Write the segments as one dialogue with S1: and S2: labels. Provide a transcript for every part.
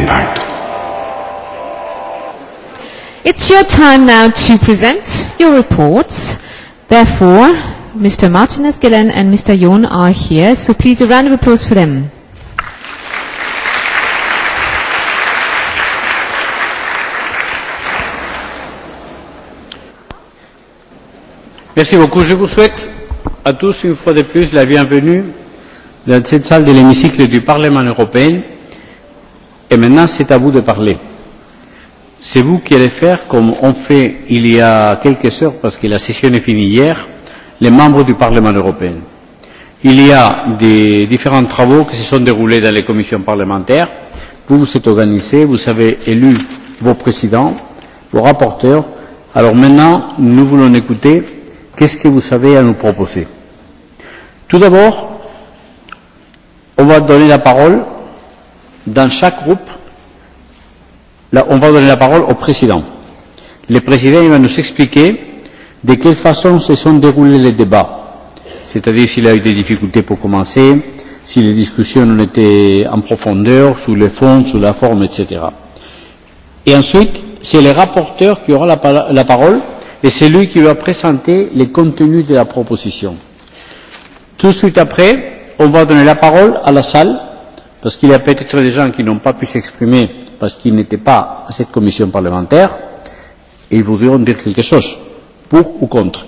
S1: impact.
S2: It's your time now to present your reports. Therefore, Mr. Martinez Gillen and Mr. Yon are here, so please a round of applause for them.
S3: Merci beaucoup. Je vous souhaite à tous une fois de plus la bienvenue dans cette salle de l'hémicycle du Parlement européen Et maintenant, c'est à vous de parler. C'est vous qui allez faire, comme on fait il y a quelques heures, parce que la session est finie hier, les membres du Parlement européen. Il y a des différents travaux qui se sont déroulés dans les commissions parlementaires. Vous vous êtes organisé, vous avez élu vos présidents, vos rapporteurs. Alors maintenant, nous voulons écouter qu'est-ce que vous avez à nous proposer. Tout d'abord, on va donner la parole dans chaque groupe, là, on va donner la parole au président. Le président il va nous expliquer de quelle façon se sont déroulés les débats. C'est-à-dire s'il a eu des difficultés pour commencer, si les discussions ont été en profondeur, sous le fond, sous la forme, etc. Et ensuite, c'est le rapporteur qui aura la, la parole et c'est lui qui va présenter les contenus de la proposition. Tout de suite après, on va donner la parole à la salle parce qu'il y a peut-être des gens qui n'ont pas pu s'exprimer parce qu'ils n'étaient pas à cette commission parlementaire, et ils voudront dire quelque chose, pour ou contre.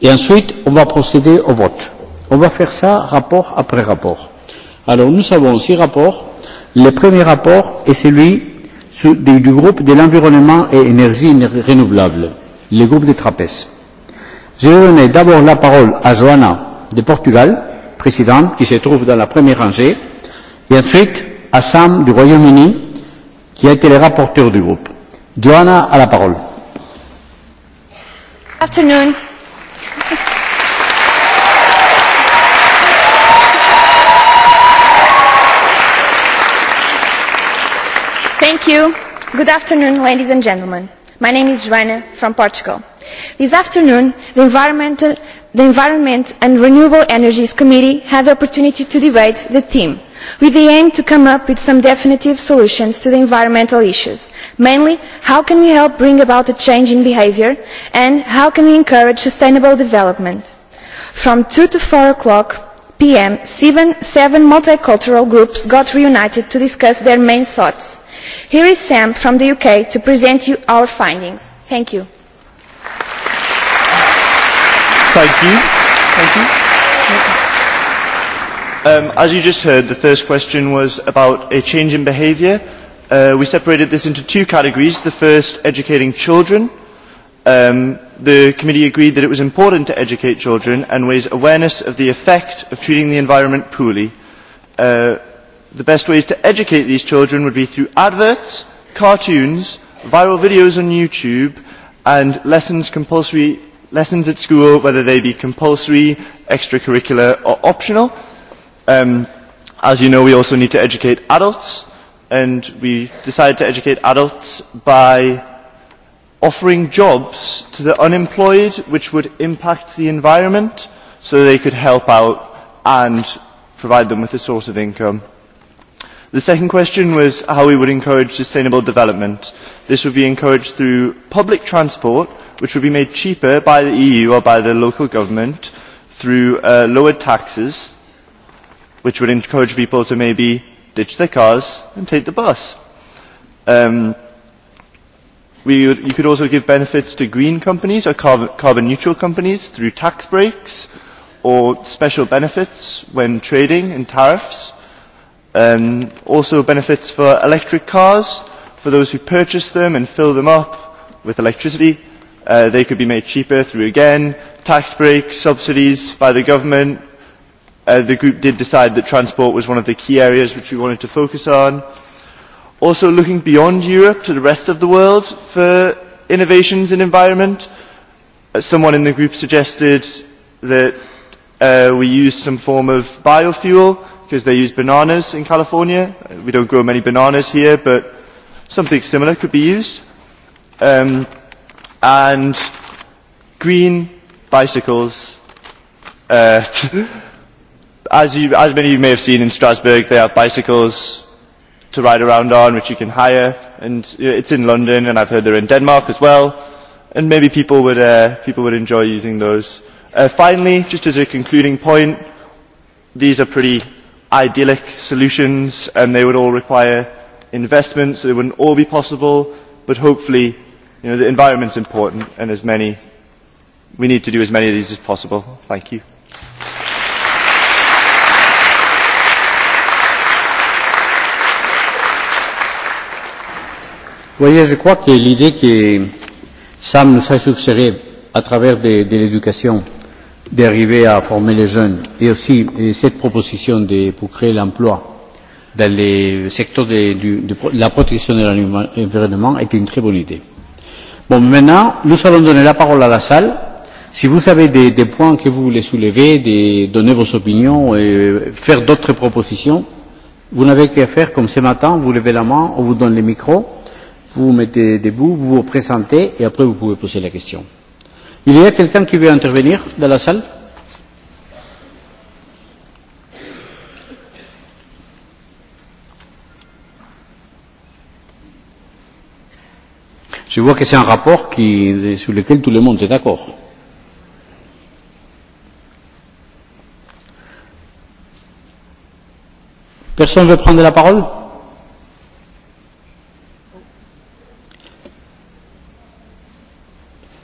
S3: Et ensuite, on va procéder au vote. On va faire ça rapport après rapport. Alors nous avons six rapports. Le premier rapport est celui du groupe de l'environnement et énergie renouvelable, le groupe des trapèzes. Je vais donner d'abord la parole à Joana de Portugal présidente qui se trouve dans la première rangée, et ensuite à Sam du Royaume-Uni qui a été le rapporteur du groupe. Joanna a la parole.
S4: Afternoon.
S5: Thank you. Good afternoon, ladies and gentlemen. My name is Joana from Portugal. This afternoon, the Environmental the Environment and Renewable Energies Committee had the opportunity to debate the theme, with the aim to come up with some definitive solutions to the environmental issues, mainly how can we help bring about a change in behaviour and how can we encourage sustainable development. From 2 to 4 o'clock p.m., seven multicultural groups got reunited to discuss their main thoughts. Here is Sam from the UK to present you our findings. Thank you.
S6: Thank you. Thank you. As you just heard, the first question was about a change in behaviour. We separated this into two categories. The first, educating children. The committee agreed that it was important to educate children and raise awareness of the effect of treating the environment poorly. The best ways to educate these children would be through adverts, cartoons, viral videos on YouTube, and lessons compulsory lessons at school, whether they be compulsory, extracurricular or optional. As you know, we also need to educate adults, and we decided to educate adults by offering jobs to the unemployed, which would impact the environment, so they could help out and provide them with a source of income. The second question was how we would encourage sustainable development. This would be encouraged through public transport which would be made cheaper by the EU or by the local government through lowered taxes, which would encourage people to maybe ditch their cars and take the bus. You could also give benefits to green companies or carbon neutral companies through tax breaks or special benefits when trading and tariffs. Also benefits for electric cars for those who purchase them and fill them up with electricity They could be made cheaper through, again, tax breaks, subsidies by the government. The group did decide that transport was one of the key areas which we wanted to focus on. Also looking beyond Europe to the rest of the world for innovations in environment. Someone in the group suggested that we use some form of biofuel because they use bananas in California. We don't grow many bananas here, but something similar could be used and green bicycles. As many of you may have seen in Strasbourg, they have bicycles to ride around on, which you can hire. And it's in London, and I've heard they're in Denmark as well. And maybe people would people would enjoy using those. Finally, just as a concluding point, these are pretty idyllic solutions, and they would all require investment, so they wouldn't all be possible. But hopefully you know, the environment is important and as many, we need to do as many of these as possible. Thank you.
S3: voyez, je crois que l'idée que Sam nous a suggéré à travers de, de l'éducation d'arriver à former les jeunes et aussi cette proposition de, pour créer l'emploi dans les secteurs de, de, de la protection de l'environnement est une très bonne idée. Bon, maintenant, nous allons donner la parole à la salle. Si vous avez des, des points que vous voulez soulever, des, donner vos opinions et faire d'autres propositions, vous n'avez qu'à faire comme ce matin, vous levez la main, on vous donne le micro, vous vous mettez debout, vous vous présentez et après vous pouvez poser la question. Il y a quelqu'un qui veut intervenir dans la salle Je vois que c'est un rapport qui, sur lequel tout le monde est d'accord. Personne ne veut prendre la parole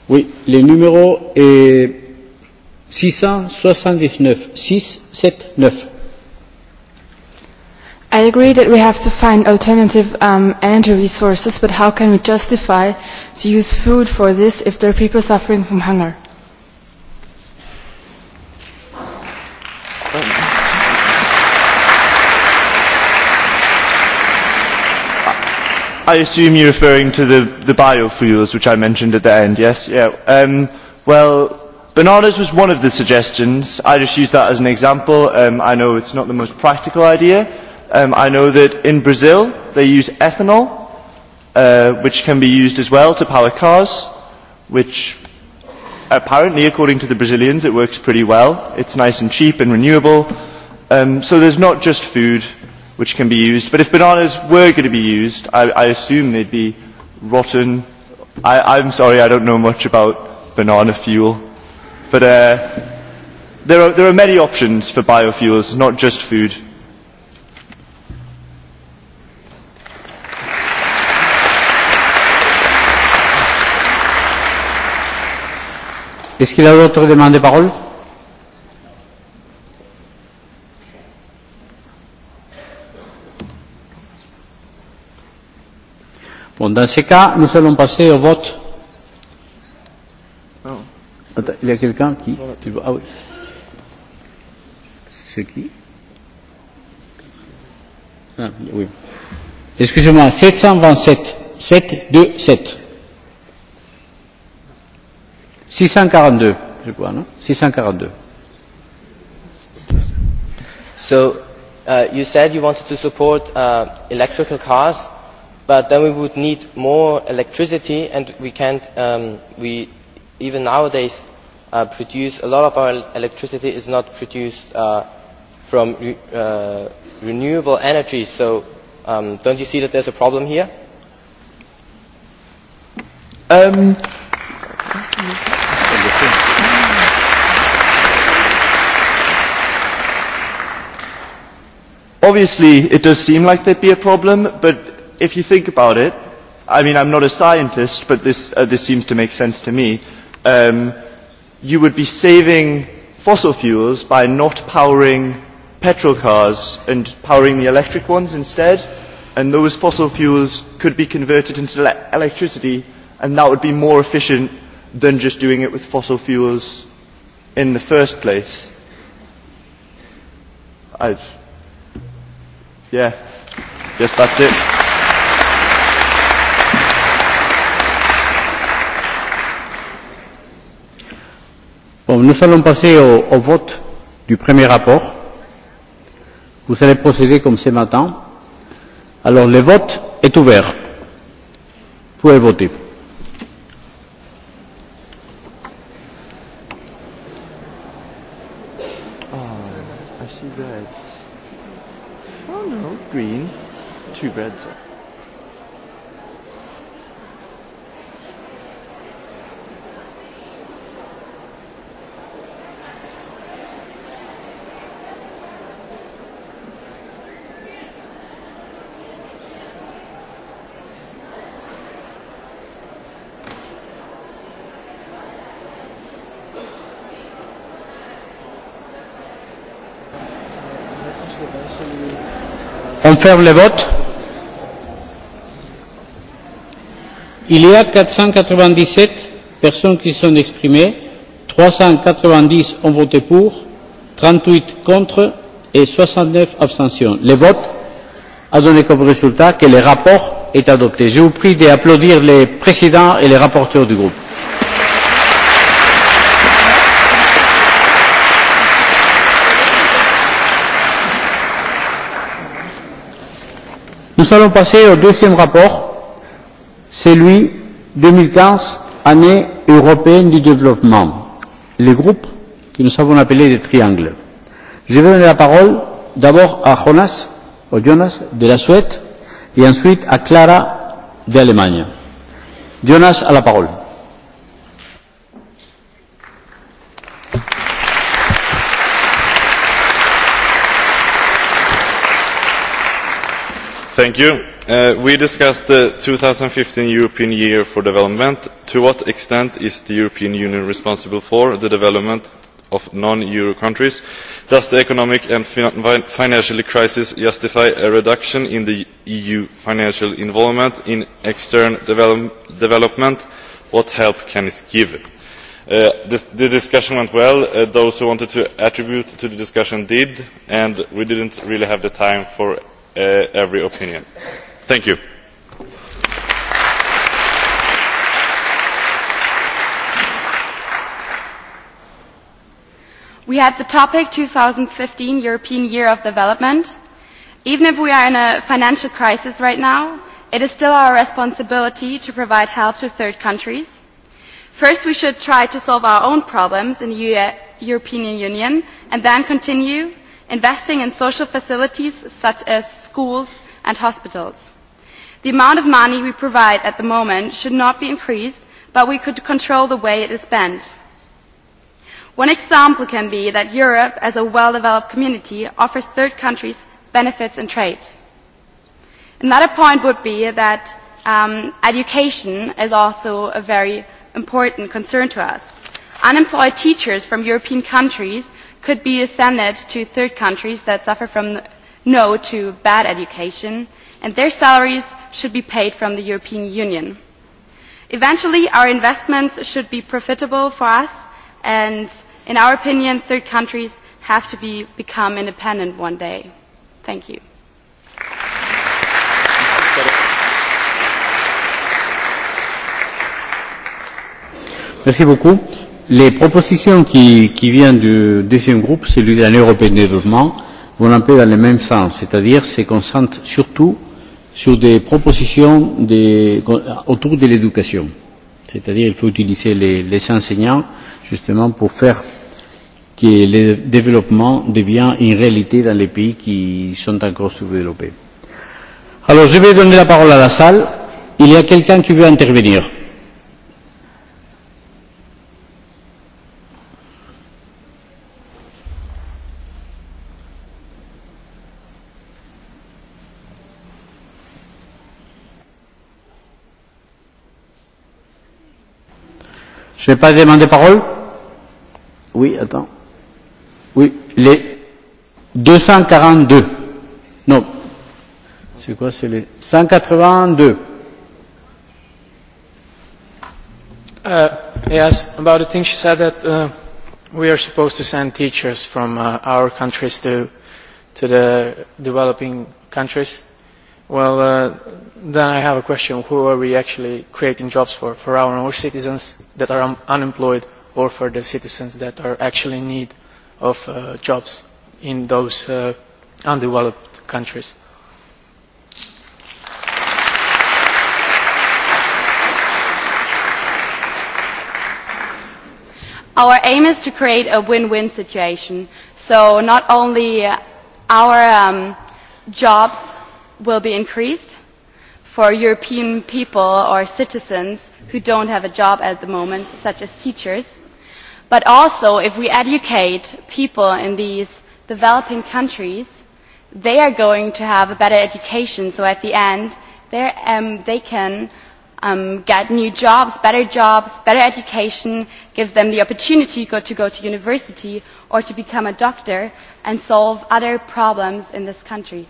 S3: Oui, le numéro est 679, 679.
S5: I agree that we have to find alternative energy resources, but how can we justify to use food for this if there are people suffering from hunger?
S6: I assume you're referring to the, the biofuels, which I mentioned at the end, yes? Yeah. Um, well, bananas was one of the suggestions. I just used that as an example. Um, I know it's not the most practical idea I know that in Brazil they use ethanol, which can be used as well to power cars, which apparently, according to the Brazilians, it works pretty well. It's nice and cheap and renewable. So there's not just food which can be used. But if bananas were going to be used, I assume they'd be rotten. I I'm sorry, I don't know much about banana fuel. But there are many options for biofuels, not just food.
S3: Est-ce qu'il y a d'autres demandes de parole Bon, dans ces cas, nous allons passer au vote. il y a quelqu'un qui... Ah oui. C'est qui ah, Oui. Excusez-moi, 727. 727. 642, 642.
S7: So, uh, you said you wanted to support uh, electrical cars, but then we would need more electricity, and we can't, um, we, even nowadays, uh, produce, a lot of our electricity is not produced uh, from uh, renewable energy, so um, don't you see that there's a problem here?
S6: Obviously, it does seem like there'd be a problem, but if you think about it, I mean, I'm not a scientist, but this, this seems to make sense to me. Um, you would be saving fossil fuels by not powering petrol cars and powering the electric ones instead, and those fossil fuels could be converted into electricity, and that would be more efficient than just doing it with fossil fuels in the first place. I've Yeah. Yes, that's
S3: it. Bon, nous allons passer au, au vote du premier rapport. Vous allez procéder comme ce matin. Alors, le vote est ouvert. Vous pouvez voter.
S6: screen to red.
S3: Thank you. On ferme le vote. Il y a 497 personnes qui sont exprimées, 390 ont voté pour, 38 contre et 69 abstentions. Le vote a donné comme résultat que le rapport est adopté. Je vous prie d'applaudir les présidents et les rapporteurs du groupe. Nous allons passer au deuxième rapport, celui 2015, année européenne du développement. les groupes que nous avons appeler les triangles. Je vais donner la parole d'abord à Jonas, au Jonas de la Suède et ensuite à Clara d'Allemagne. Jonas a la parole.
S8: Thank you.
S6: We discussed the 2015 European Year for Development. To what extent is the European Union responsible for the development of non-Euro countries? Does the economic and financial crisis justify a reduction in the EU financial involvement in external development? What help can it give? The discussion went well. Those who wanted to attribute to the discussion did, and we didn't really have the time for every opinion. Thank you.
S9: We had the topic 2015 European Year of Development. Even if we are in a financial crisis right now, it is still our responsibility to provide help to third countries. First, we should try to solve our own problems in the European Union and then continue investing in social facilities such as schools and hospitals. The amount of money we provide at the moment should not be increased, but we could control the way it is spent. One example can be that Europe, as a well-developed community, offers third countries benefits in trade. Another point would be that education is also a very important concern to us. Unemployed teachers from European countries could be ascended to third countries that suffer from no to bad education and their salaries should be paid from the European Union. Eventually, our investments should be profitable for us and, in our opinion, third countries have to become independent one day. Thank you.
S3: Merci beaucoup. Les propositions qui qui viennent du deuxième groupe, celui de l'Union européenne de développement, vont un peu dans le même sens, c'est-à-dire se concentrent surtout sur des propositions de, autour de l'éducation. C'est-à-dire qu'il faut utiliser les, les enseignants justement pour faire que le développement devienne une réalité dans les pays qui sont encore sous-développés. Alors je vais donner la parole à la salle. Il y a quelqu'un qui veut intervenir. Je n'ai pas demandé parole Oui, attends. Oui, les 242. Non. C'est quoi C'est les 182. Uh, yes, about the thing she said that uh, we are supposed to send teachers from uh, our countries to, to the developing countries Well, then I have a question. Who are we actually creating jobs for? For our own citizens that are unemployed or for the citizens that are actually in need of jobs in those undeveloped countries?
S9: Our aim is to create a win-win situation. So not only our jobs will be increased for European people or citizens who don't have a job at the moment, such as teachers. But also, if we educate people in these developing countries, they are going to have a better education. So at the end, they can get new jobs, better jobs, better education, give them the opportunity to go to university or to become a doctor and solve other problems in this country.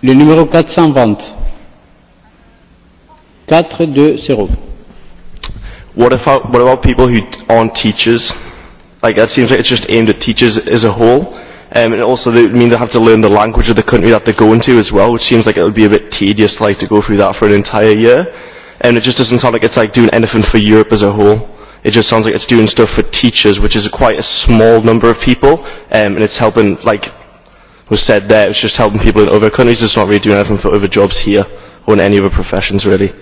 S3: Le numéro 420. 420. What about, what about people who aren't
S6: teachers? Like, that seems like it's just aimed at teachers as a whole. Um, and also, they mean they have to learn the language of the country that they're going to as well, which seems like it would be a bit tedious, like, to go through that for an entire year. And it just doesn't sound like it's, like, doing anything for Europe as a whole. It just sounds like it's doing stuff for teachers, which is quite a small number of people, um, and it's helping, like, was said there, it was just helping people in other countries. It's not really doing anything for other jobs here or in any other professions, really.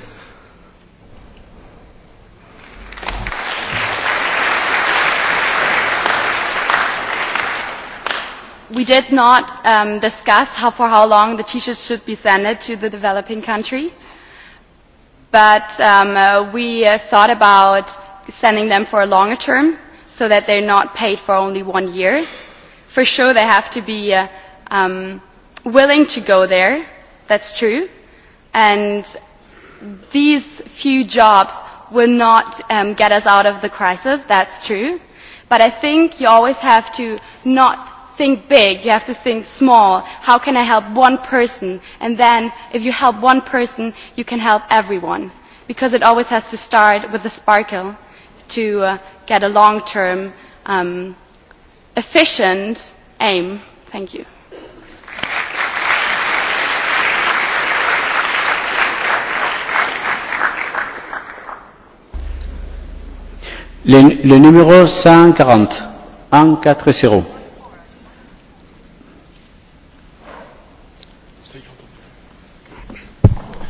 S9: We did not um, discuss how, for how long the teachers should be sent to the developing country, but um, we uh, thought about sending them for a longer term so that they're not paid for only one year. For sure, they have to be uh, willing to go there, that's true, and these few jobs will not get us out of the crisis, that's true, but I think you always have to not think big, you have to think small. How can I help one person? And then if you help one person, you can help everyone. Because it always has to start with a sparkle to get a long-term, efficient aim. Thank you.
S3: Le, numéro 140. 140.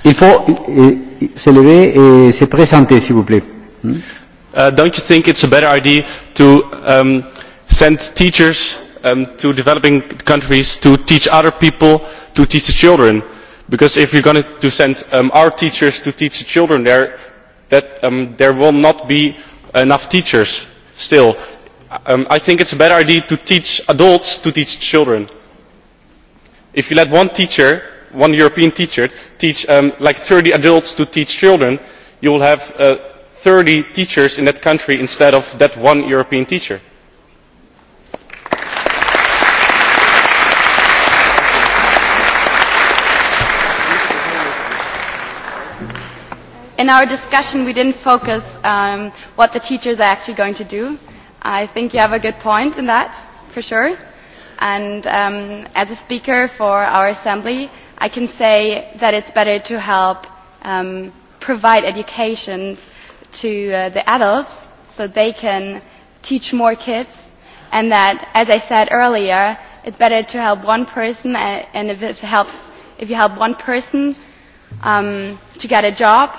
S3: Il faut se lever et se présenter, s'il vous plaît. don't you think it's a better
S1: idea to send teachers to developing countries to teach other people to teach the children? Because if you're going to send our teachers to teach the children there, that there will not be enough teachers still. I think it's a better idea to teach adults to teach children. If you let one teacher, one European teacher, teach like 30 adults to teach children, you will have 30 teachers in that country instead of that
S10: one European teacher.
S9: in our discussion we didn't focus on what the teachers are actually going to do. I think you have a good point in that, for sure. And as a speaker for our assembly, I can say that it's better to help provide education to the adults so they can teach more kids and that, as I said earlier, it's better to help one person and if, it helps, if you help one person um, to get a job,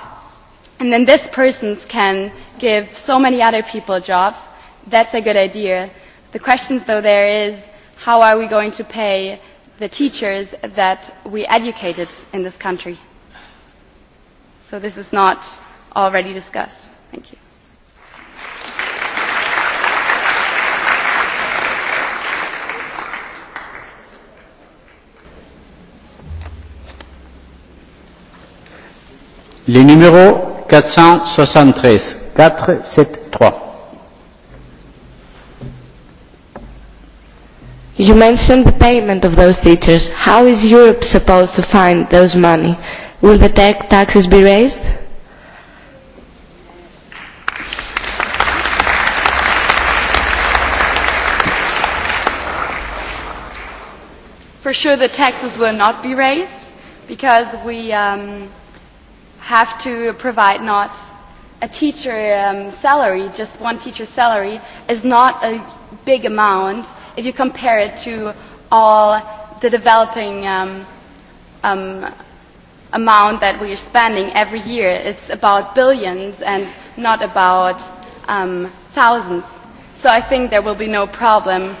S9: and then this person can give so many other people jobs. That's a good idea. The question, though, there is how are we going to pay the teachers that we educated in this country? So this is not already discussed. Thank you.
S3: Les 473. 473.
S11: You mentioned the payment of those teachers. How is Europe supposed to find those money? Will the tech taxes be raised?
S9: For sure the taxes will not be raised because we um, have to provide not a teacher salary, just one teacher's salary, is not a big amount if you compare it to all the developing amount that we are spending every year. It's about billions and not about thousands. So I think there will be no problem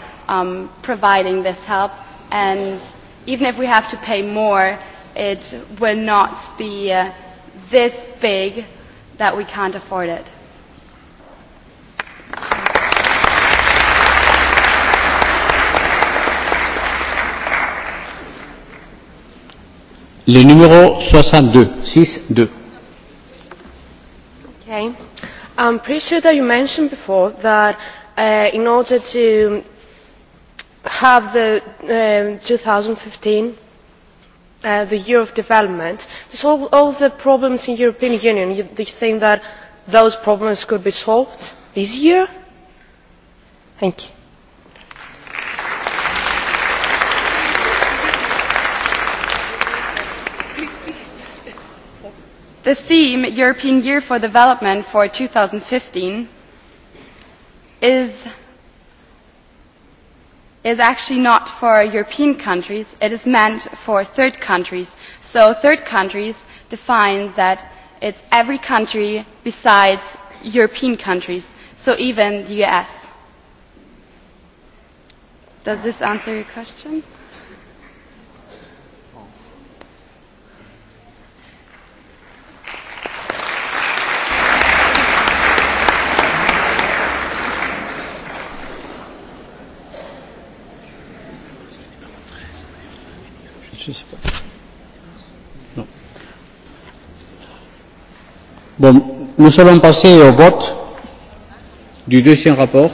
S9: providing this help. And even if we have to pay more, it will not be this big that we can't afford it.
S3: Le numéro 62, 6-2.
S12: Okay. I'm pretty sure that you mentioned before that uh, in order to have the uh, 2015 the year of development to solve all the problems in the European Union, do you think that those problems could be solved this year? Thank you.
S9: The theme European Year for Development for 2015 is is actually not for European countries, it is meant for third countries. So third countries defines that it's every country besides European countries, so even the US. Does this answer your question?
S3: Bon, nous allons passer au vote du deuxième rapport.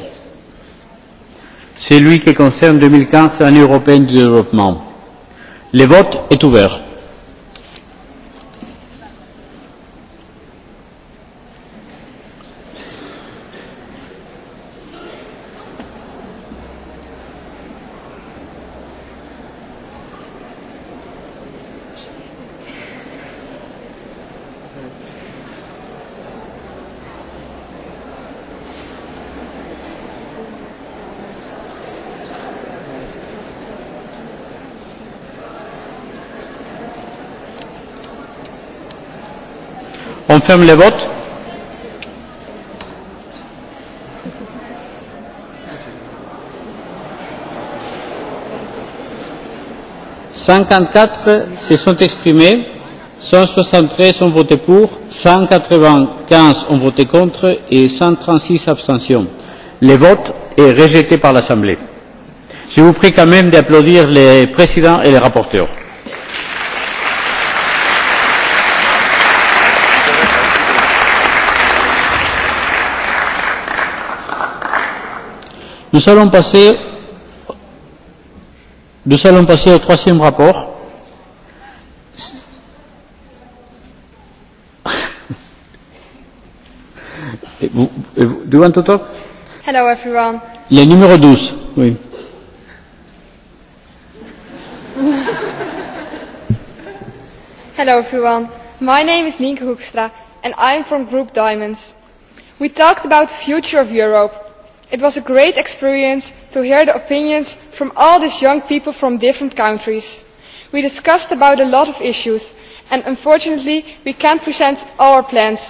S3: celui qui concerne 2015 l'année européenne du développement. Le vote est ouvert. ferme le vote. Cinquante quatre se sont exprimés, cent soixante treize ont voté pour, cent quatre vingt quinze ont voté contre et cent trente six abstentions. Le vote est rejeté par l'Assemblée. Je vous prie quand même d'applaudir les présidents et les rapporteurs. Nous allons passer, nous allons passer au troisième rapport. Do you want to talk?
S12: Hello everyone.
S3: Le numéro 12, oui.
S12: Hello everyone. My name is Nienke Hoekstra and I'm from Group Diamonds. We talked about the future of Europe it was a great experience to hear the opinions from all these young people from different countries. we discussed about a lot of issues and unfortunately we cannot present all our plans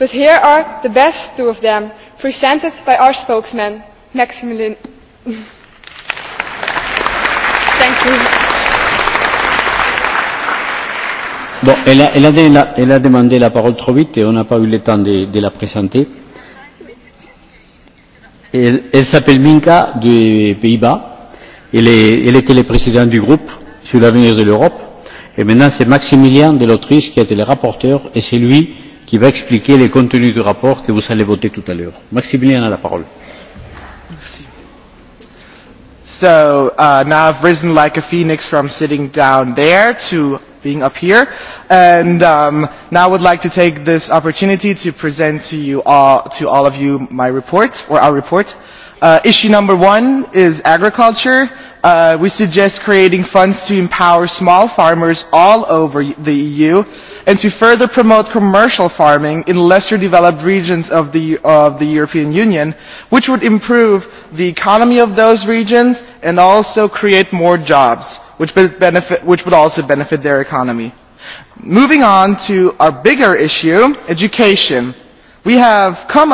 S12: but here are the best two of them presented by our spokesman maximilian.
S3: elle a demandé la parole trop vite et on n'a pas eu le temps de la présenter. Elle s'appelle Minka des Pays-Bas. Elle était le président du groupe sur l'avenir de l'Europe. Et maintenant, c'est Maximilien de l'Autriche qui a été le rapporteur et c'est lui qui va expliquer les contenus du rapport que vous allez voter tout à l'heure. Maximilien a la parole.
S10: So uh, now I've risen like a phoenix from sitting down there to being up here. And um, now I would like to take this opportunity to present to you all, to all of you my report, or our report. Uh, issue number one is agriculture. Uh, we suggest creating funds to empower small farmers all over the EU and to further promote commercial farming in lesser developed regions of the European Union which would improve the economy of those regions and also create more jobs which would also benefit their economy moving on to our bigger issue education we have come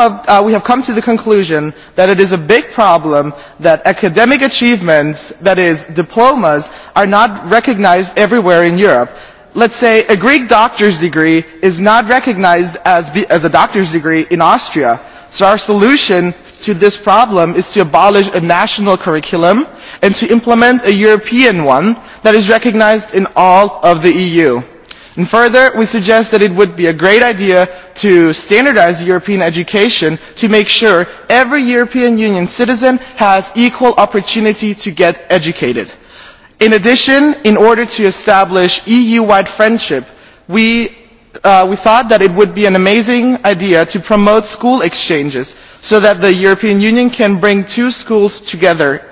S10: we have come to the conclusion that it is a big problem that academic achievements that is diplomas are not recognized everywhere in Europe let's say a greek doctor's degree is not recognized as as a doctor's degree in austria so our solution to this problem is to abolish a national curriculum and to implement a european one that is recognized in all of the eu and further we suggest that it would be a great idea to standardize european education to make sure every european union citizen has equal opportunity to get educated In addition, in order to establish EU-wide friendship, we thought that it would be an amazing idea to promote school exchanges so that the European Union can bring two schools together.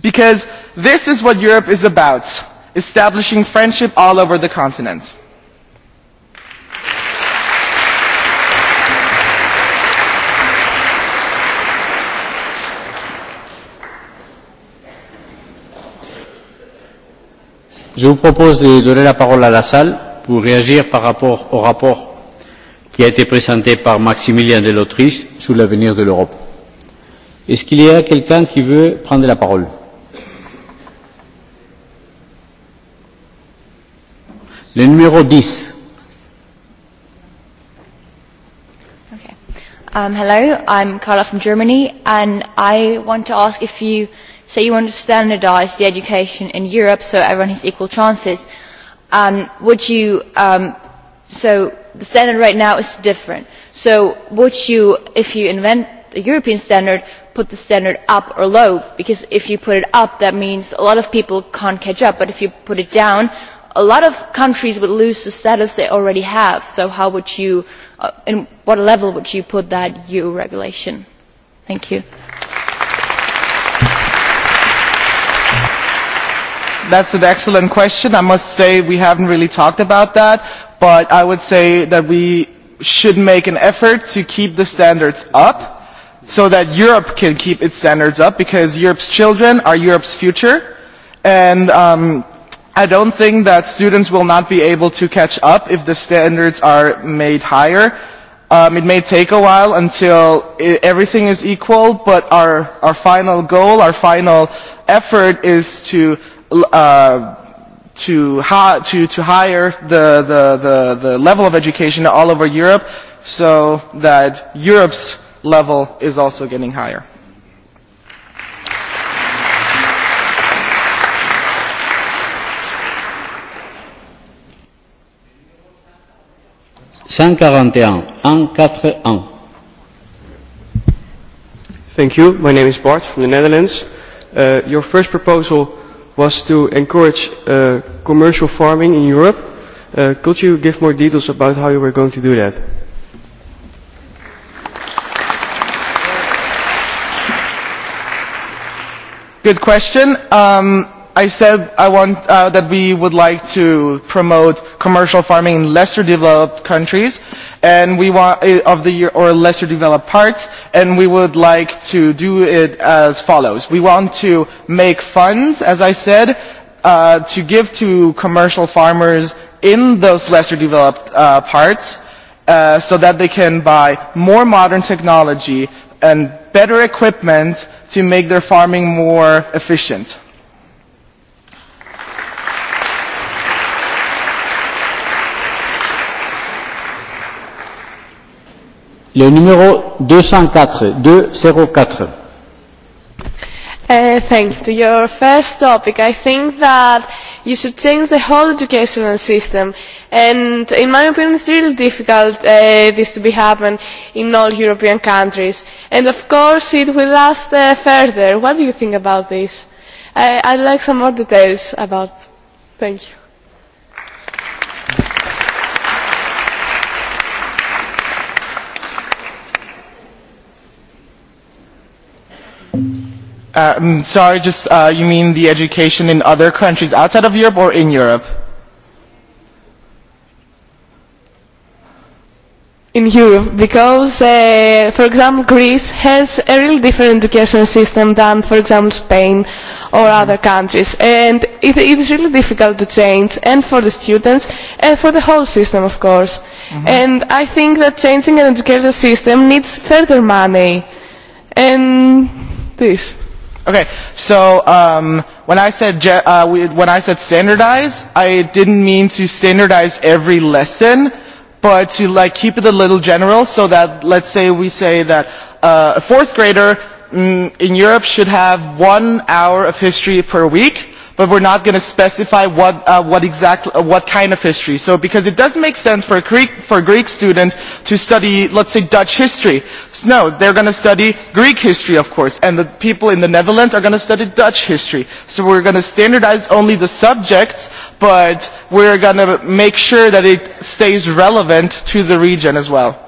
S10: Because this is what Europe is about, establishing friendship all over the continent.
S3: Je vous propose de donner la parole à la salle pour réagir par rapport au rapport qui a été présenté par Maximilien de l'Autriche sur l'avenir de l'Europe. Est-ce qu'il y a quelqu'un qui veut prendre la parole Le numéro 10.
S4: Um, hello, I'm Carla from Germany and I want to ask if you So you want to standardise the education in Europe so everyone has equal chances. Would you so the standard right now is different. So would you, if you invent the European standard, put the standard up or low? Because if you put it up, that means a lot of people can't catch up. But if you put it down, a lot of countries would lose the status they already have. So how would you, in what level would you put that EU regulation? Thank you.
S10: that's an excellent question. I must say we haven't really talked about that, but I would say that we should make an effort to keep the standards up so that Europe can keep its standards up because Europe's children are Europe's future. And I don't think that students will not be able to catch up if the standards are made higher. It may take a while until everything is equal, but our our final goal, our final effort is to to to to hire the the the the level of education all over Europe so that Europe's level is also getting higher.
S3: Thank
S1: you. My name is Bart from the Netherlands. Your first proposal was to encourage commercial farming in Europe. Could you give more details about how you were
S10: going to do that? Good question. I said I want that we would like to promote commercial farming in lesser developed countries and we want of the or lesser developed parts and we would like to do it as follows. We want to make funds, as I said, to give to commercial farmers in those lesser developed parts so that they can buy more modern technology and better equipment to make their farming more efficient.
S3: le numéro 204 204
S11: Thanks to your first topic, I think that you should change the whole educational system. And in my opinion, it's really difficult this to be happen in all European countries. And of course, it will last further. What do you think about this? I'd like some more details about. Thank you.
S10: Sorry, just you mean the education in other countries outside of Europe or in Europe?
S11: In Europe, because, for example, Greece has a really different education system than, for example, Spain or other countries, and it is really difficult to change, and for the students, and for the whole system, of course. And I think that changing an education system needs further money, and
S4: this.
S10: Okay, so um, when I said uh, when I said standardize, I didn't mean to standardize every lesson, but to like keep it a little general, so that let's say we say that uh, a fourth grader in Europe should have one hour of history per week but we're not going to specify what kind of history so because it doesn't make sense for a greek for a greek student to study let's say dutch history no they're going to study greek history of course and the people in the netherlands are going to study dutch history so we're going to standardize only the subjects but we're going to make sure that it stays relevant to the region as well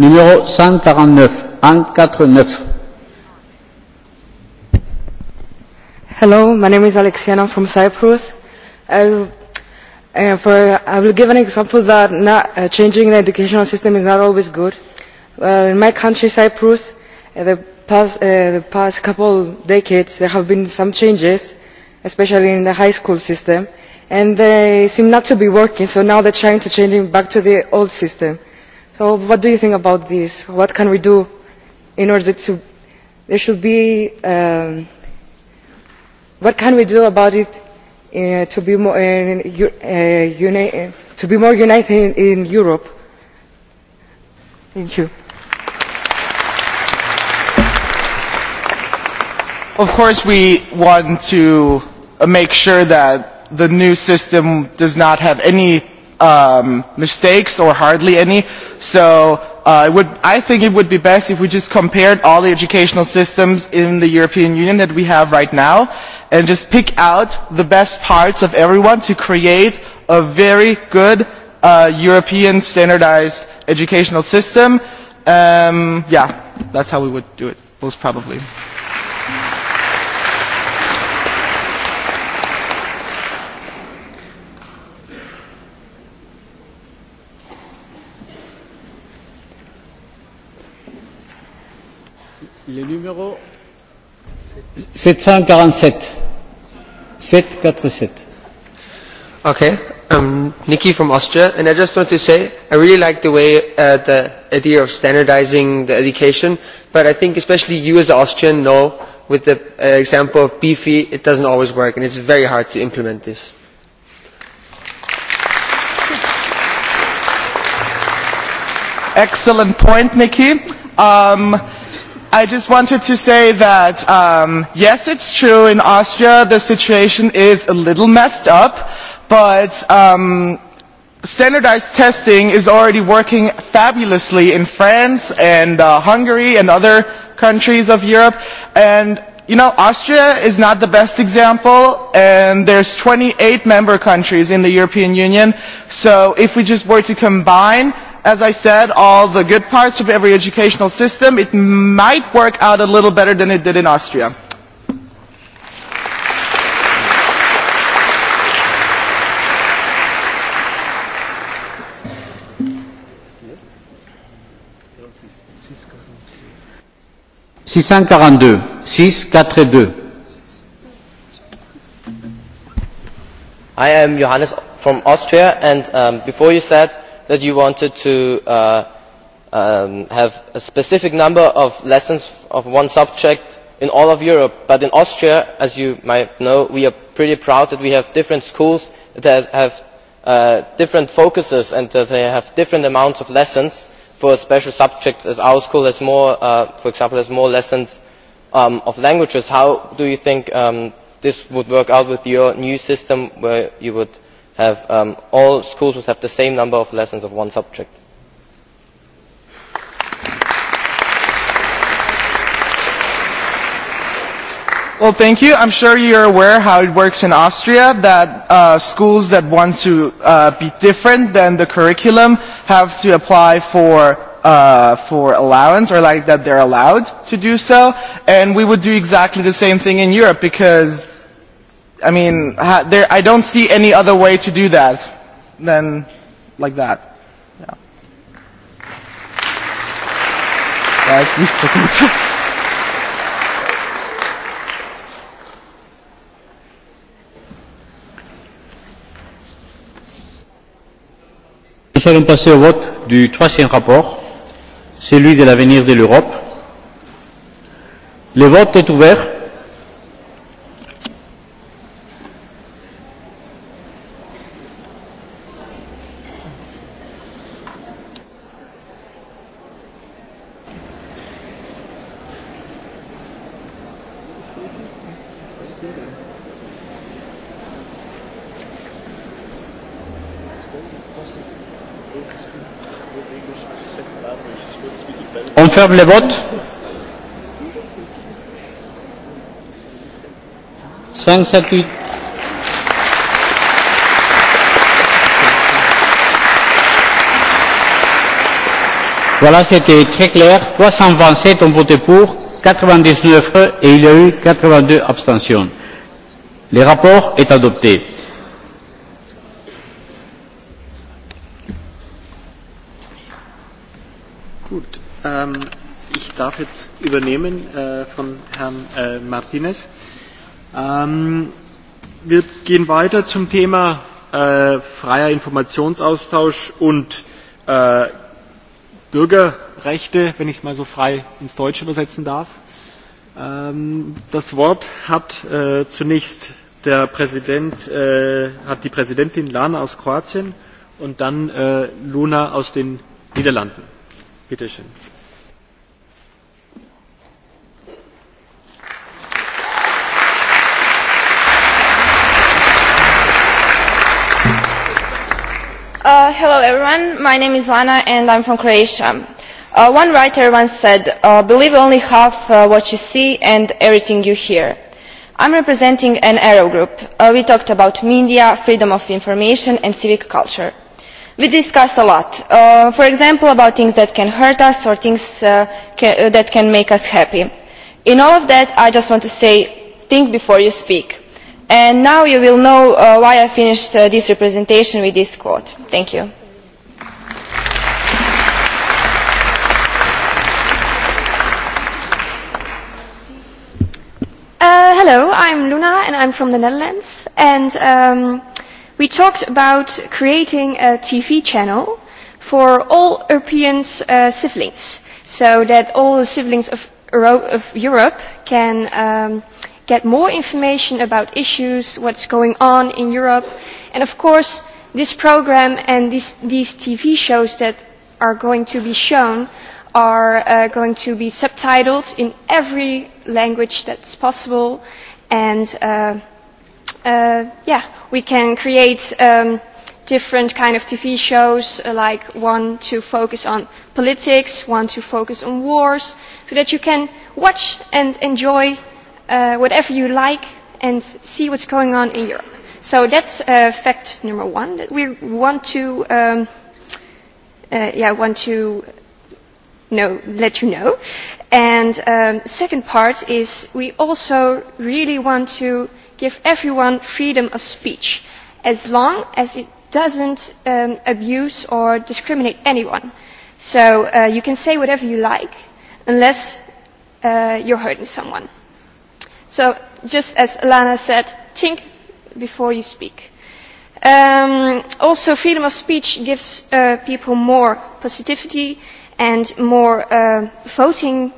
S3: Numéro 149.
S2: Hello, my name is Alexiana. from Cyprus. I, for, I will give an example that not, uh, changing the educational system is not always good. in my country, Cyprus, uh, the, past, uh, the past couple decades, there have been some changes, especially in the high school system, and they seem not to be working, so now they're trying to change it back to the old system So what do you think about this? What can we do in order to there should be um, what can we do about it to be more to be more united in, in Europe? Thank
S10: you. Of course, we want to make sure that the new system does not have any um, mistakes or hardly any. So uh, it would, I think it would be best if we just compared all the educational systems in the European Union that we have right now and just pick out the best parts of everyone to create a very good uh, European standardized educational system. Um, yeah, that's how we would do it, most probably.
S3: 747. 747. Okay.
S7: um Nikki from Austria, and I just want to say I really like the way uh, the idea of standardizing the education, but I think especially you as an Austrian know with the uh, example of beefy, it doesn't always work, and it's very hard to implement this.
S10: Excellent point, Nikki. Um, I just wanted to say that, yes, it's true, in Austria the situation is a little messed up, but standardized testing is already working fabulously in France and Hungary and other countries of Europe. And, you know, Austria is not the best example, and there's 28 member countries in the European Union, so if we just were to combine as I said, all the good parts of every educational system. It might work out a little better than it did in Austria.
S3: Six cent quarante six quatre deux.
S7: I am Johannes from Austria, and um, before you said that you wanted to have a specific number of lessons of one subject in all of Europe. But in Austria, as you might know, we are pretty proud that we have different schools that have different focuses and that they have different amounts of lessons for a special subject as our school has more, for example, has more lessons of languages. How do you think this would work out with your new system where you would have all schools would have the same number of lessons of one subject.
S10: Well, thank you. I'm sure you're aware how it works in Austria that schools that want to be different than the curriculum have to apply for for allowance or like that they're allowed to do so. And we would do exactly the same thing in Europe because I mean, ha, there, I don't see any other way to do that than like that. Yeah. so much.
S3: Nous allons passer au vote du troisième rapport, celui de l'avenir de l'Europe. Le vote est ouvert. ferme le vote. 5, 7, 8. Voilà, c'était très clair. 327 ont voté pour, 99 et il y a eu 82 abstentions. Le rapport est adopté.
S1: Ich darf jetzt übernehmen von Herrn Martinez. Wir gehen weiter zum Thema freier Informationsaustausch und Bürgerrechte, wenn ich es mal so frei ins Deutsche übersetzen darf. Das Wort hat zunächst der Präsident, hat die Präsidentin Lana aus Kroatien und dann Luna aus den Niederlanden. Bitte schön.
S5: Hello everyone, my name is Lana and I'm from Croatia. One writer once said, believe only half what you see and everything you hear. I'm representing an Aero group. We talked about media, freedom of information and civic culture. We discussed a lot, for example about things that can hurt us or things that can make us happy. In all of that, I just want to say, think before you speak. And now you will know why I finished this representation with this quote. Thank you.
S12: Hello, I'm Luna and I'm from the Netherlands. And we talked about creating a TV channel for all European siblings, so that all the siblings of Europe can um get more information about issues, what's going on in Europe. And of course, this programme and these TV shows that are going to be shown are going to be subtitled in every language that is possible. And yeah, we can create different kind of TV shows, like one to focus on politics, one to focus on wars, so that you can watch and enjoy whatever you like and see what's going on in Europe. So that's fact number one that we want to want to let you know. And second part is we also really want to give everyone freedom of speech as long as it doesn't abuse or discriminate anyone. So you can say whatever you like unless you're hurting someone. So, just as Alana said, think before you speak. Also, freedom of speech gives people more positivity and more voting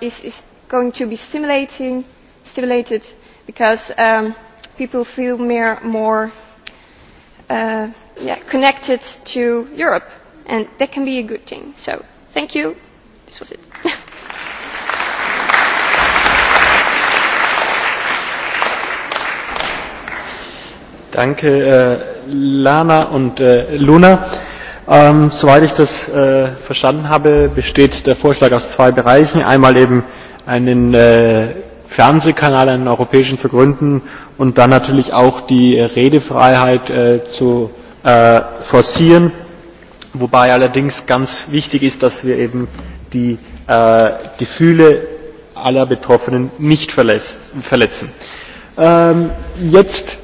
S12: is going to be stimulating, stimulated because people feel more connected to Europe and that can be a good thing. So, thank you.
S13: This was it.
S1: Danke, Lana und Luna. Ähm, soweit ich das äh, verstanden habe, besteht der Vorschlag aus zwei Bereichen. Einmal eben einen äh, Fernsehkanal, einen europäischen zu gründen und dann natürlich auch die Redefreiheit zu äh, forcieren. Wobei allerdings ganz wichtig ist, dass wir eben die Gefühle aller Betroffenen nicht verletzen. Ähm, jetzt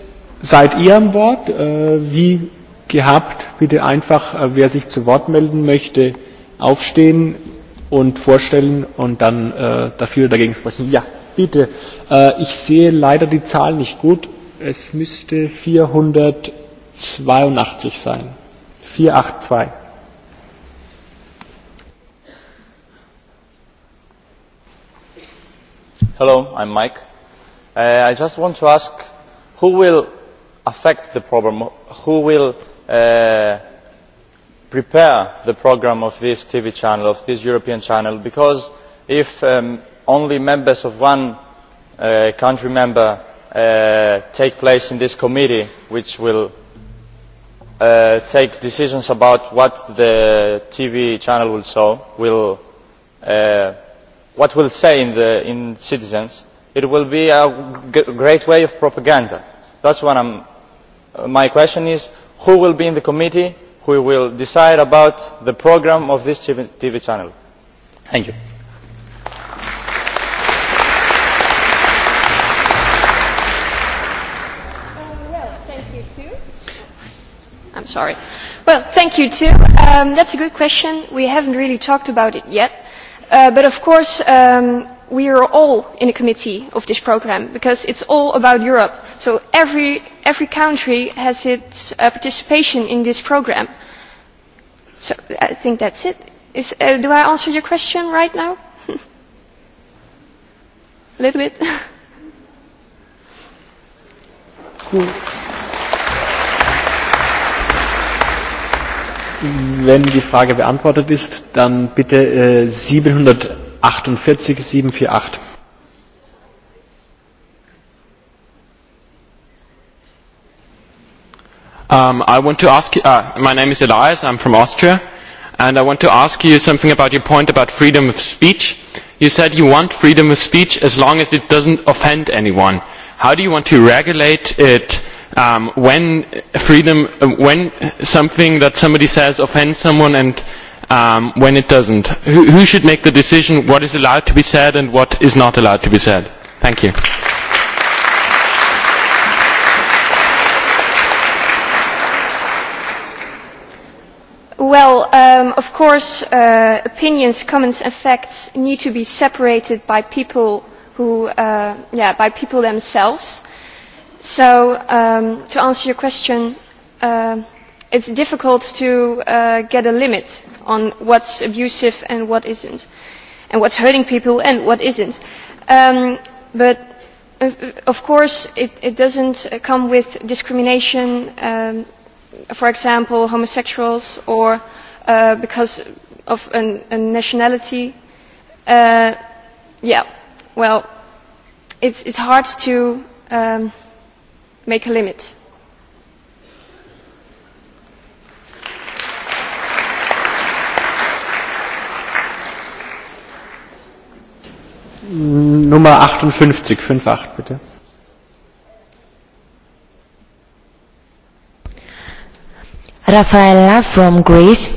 S1: seid ihr am Wort? Wie gehabt, bitte einfach, wer sich zu Wort melden möchte, aufstehen und vorstellen und dann dafür oder dagegen sprechen. Ja, bitte. Ich sehe leider die Zahl nicht gut. Es müsste 482 sein. 482.
S4: Hello, I'm Mike. I just want to ask who will affect the problem who will prepare the programme of this tv channel of this european channel because if only members of one country member take place in this committee which will take decisions about what the tv channel will show will what will say in the in citizens it will be a great way of propaganda that's what i'm my question is who will be in the committee who will decide about the programme of this tv channel? thank you.
S12: I'm sorry. Well, thank you too. Um, that's a good question. We haven't really talked about it yet. Uh, but of course, um, we are all in the committee of this programme because it's all about Europe. So every country has its participation in this programme. So I think that's it. do I answer your question right now? A little bit.
S1: Wenn die Frage beantwortet ist, dann bitte 700 48 748. Um, I want to ask you, uh, my name is Elias, I'm from Austria, and I want to ask you something about your point about freedom of speech. You said you want freedom of speech as long as it doesn't offend anyone. How do you want to regulate it um, when freedom, when something that somebody says offends someone and when it doesn't? Who should make the decision what is allowed to be said and what is not allowed to be said? Thank you.
S12: Well, of course, opinions, comments and facts need to be separated by people who, yeah, by people themselves. So, to answer your question, it's difficult to get a limit on what's abusive and what isn't, and what's hurting people and what isn't. But of course, it doesn't come with discrimination, for example, homosexuals or because of a nationality. Yeah, well, it's hard to make a limit.
S1: Nummer 58, 58 bitte.
S4: Rafaela from Greece.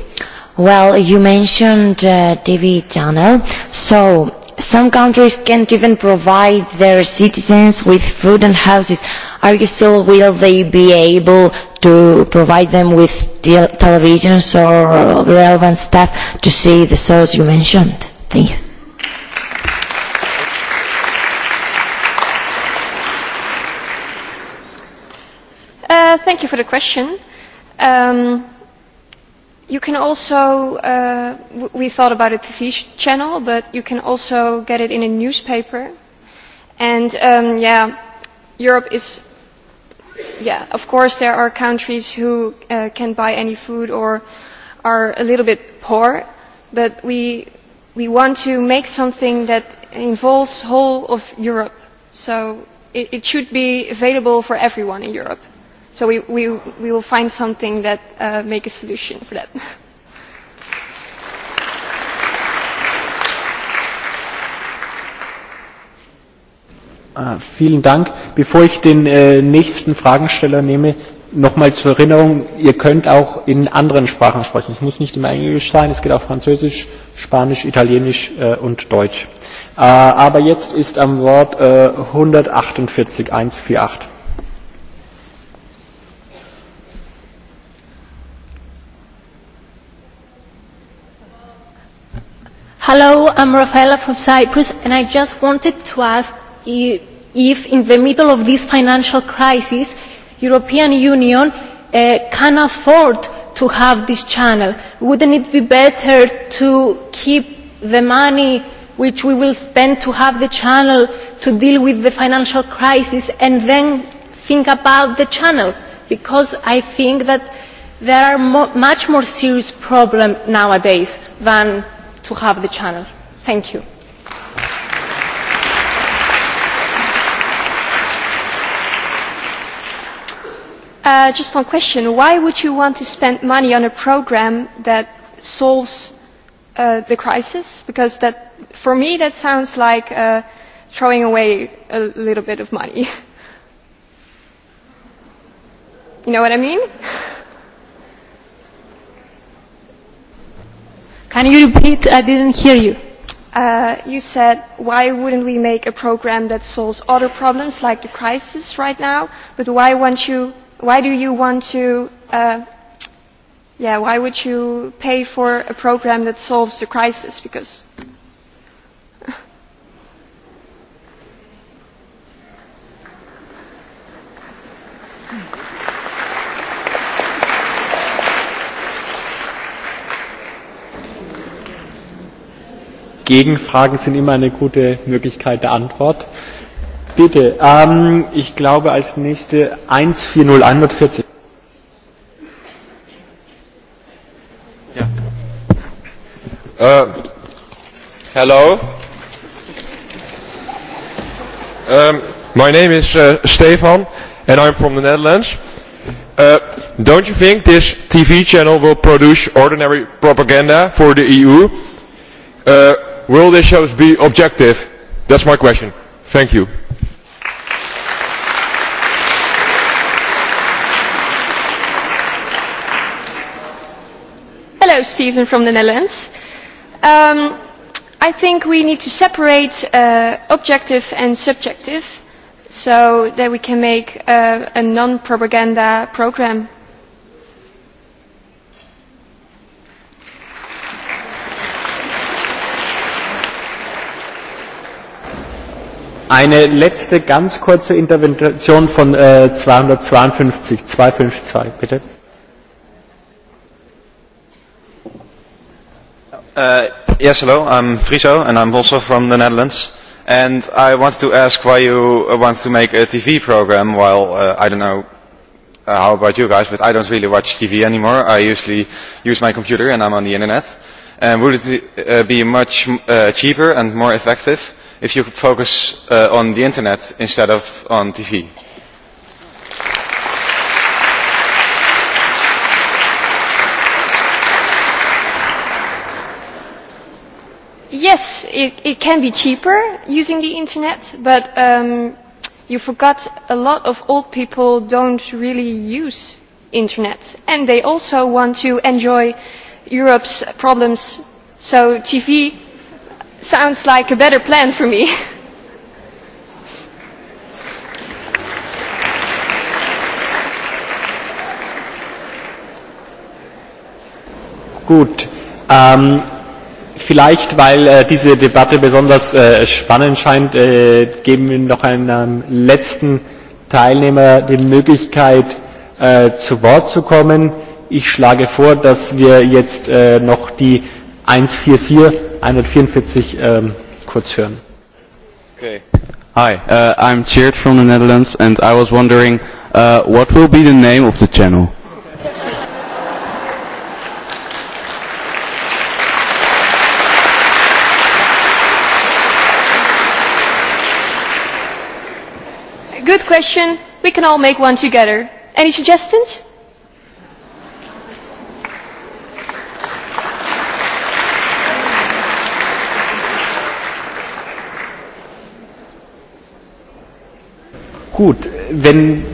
S4: Well, you mentioned TV channel. So, some countries can't even provide their citizens with food and houses. Are you sure will they be able to provide them with televisions or relevant stuff to see the shows you mentioned? Thank you.
S12: Thank you for the question. You can also, we thought about a TV channel, but you can also get it in a newspaper. And um yeah, Europe is, yeah, of course there are countries who can buy any food or are a little bit poor, but we we want to make something that involves whole of Europe. So it should be available for everyone in Europe So we we will find something that make a solution for that.
S1: Vielen Dank. Bevor ich den nächsten Fragesteller nehme, nochmal zur Erinnerung, ihr könnt auch in anderen Sprachen sprechen. Es muss nicht immer Englisch sein, es geht auch Französisch, Spanisch, Italienisch und Deutsch. Aber jetzt ist am Wort 148, 148.
S4: Hello, I'm Rafaela from Cyprus, and I just wanted to ask if, in the middle of this financial crisis, European Union can afford to have this channel. Wouldn't it be better to keep the money which we will spend to have the channel to deal with the financial crisis and then think about the channel? Because I think that there are much more serious problems nowadays than to have the channel. Thank you.
S12: Just one question. Why would you want to spend money on a program that solves the crisis? Because that, for me, that sounds like throwing away a little bit of money. You know what I mean?
S4: Can you repeat? I didn't hear you.
S12: You said, why wouldn't we make a program that solves other problems like the crisis right now? But why do you want to, yeah, why would you pay for a program that solves the crisis? Because
S1: Gegenfragen sind immer eine gute Möglichkeit der Antwort. Bitte, ähm, ich glaube als nächste 140140. Ja. Uh, hello. Um, my name is uh, Stefan and I'm from the Netherlands. Uh, don't you think this TV channel will produce ordinary propaganda for the EU? Uh, Will the shows be objective? That's my question.
S8: Thank you.
S12: Hello, Stephen from the Netherlands. Um, I think we need to separate objective and subjective so that we can make a non-propaganda program
S1: Eine letzte ganz kurze Intervention von 252, 252, bitte.
S5: Yes, hello.
S10: I'm Friso, and I'm also from the Netherlands. And I want to ask why you want to make a TV program. While I don't know how about you guys, but I don't really watch TV anymore. I usually use my computer, and I'm on the internet. And would it be much cheaper and more effective? if you could focus on the internet instead of
S8: on TV.
S12: Yes, it, it can be cheaper using the internet, but you forgot a lot of old people don't really use internet, and they also want to enjoy Europe's problems. So TV Sounds like a better plan for me.
S1: Gut. Ähm, vielleicht, weil diese Debatte besonders spannend scheint, geben wir noch einem letzten Teilnehmer die Möglichkeit, zu Wort zu kommen. Ich schlage vor, dass wir jetzt noch die 144 144 kurz hören.
S3: Okay.
S8: Hi, I'm Cheered from the Netherlands and I was wondering what will be the name of the channel?
S12: Good question. We can all make one together. Any suggestions?
S1: Gut, wenn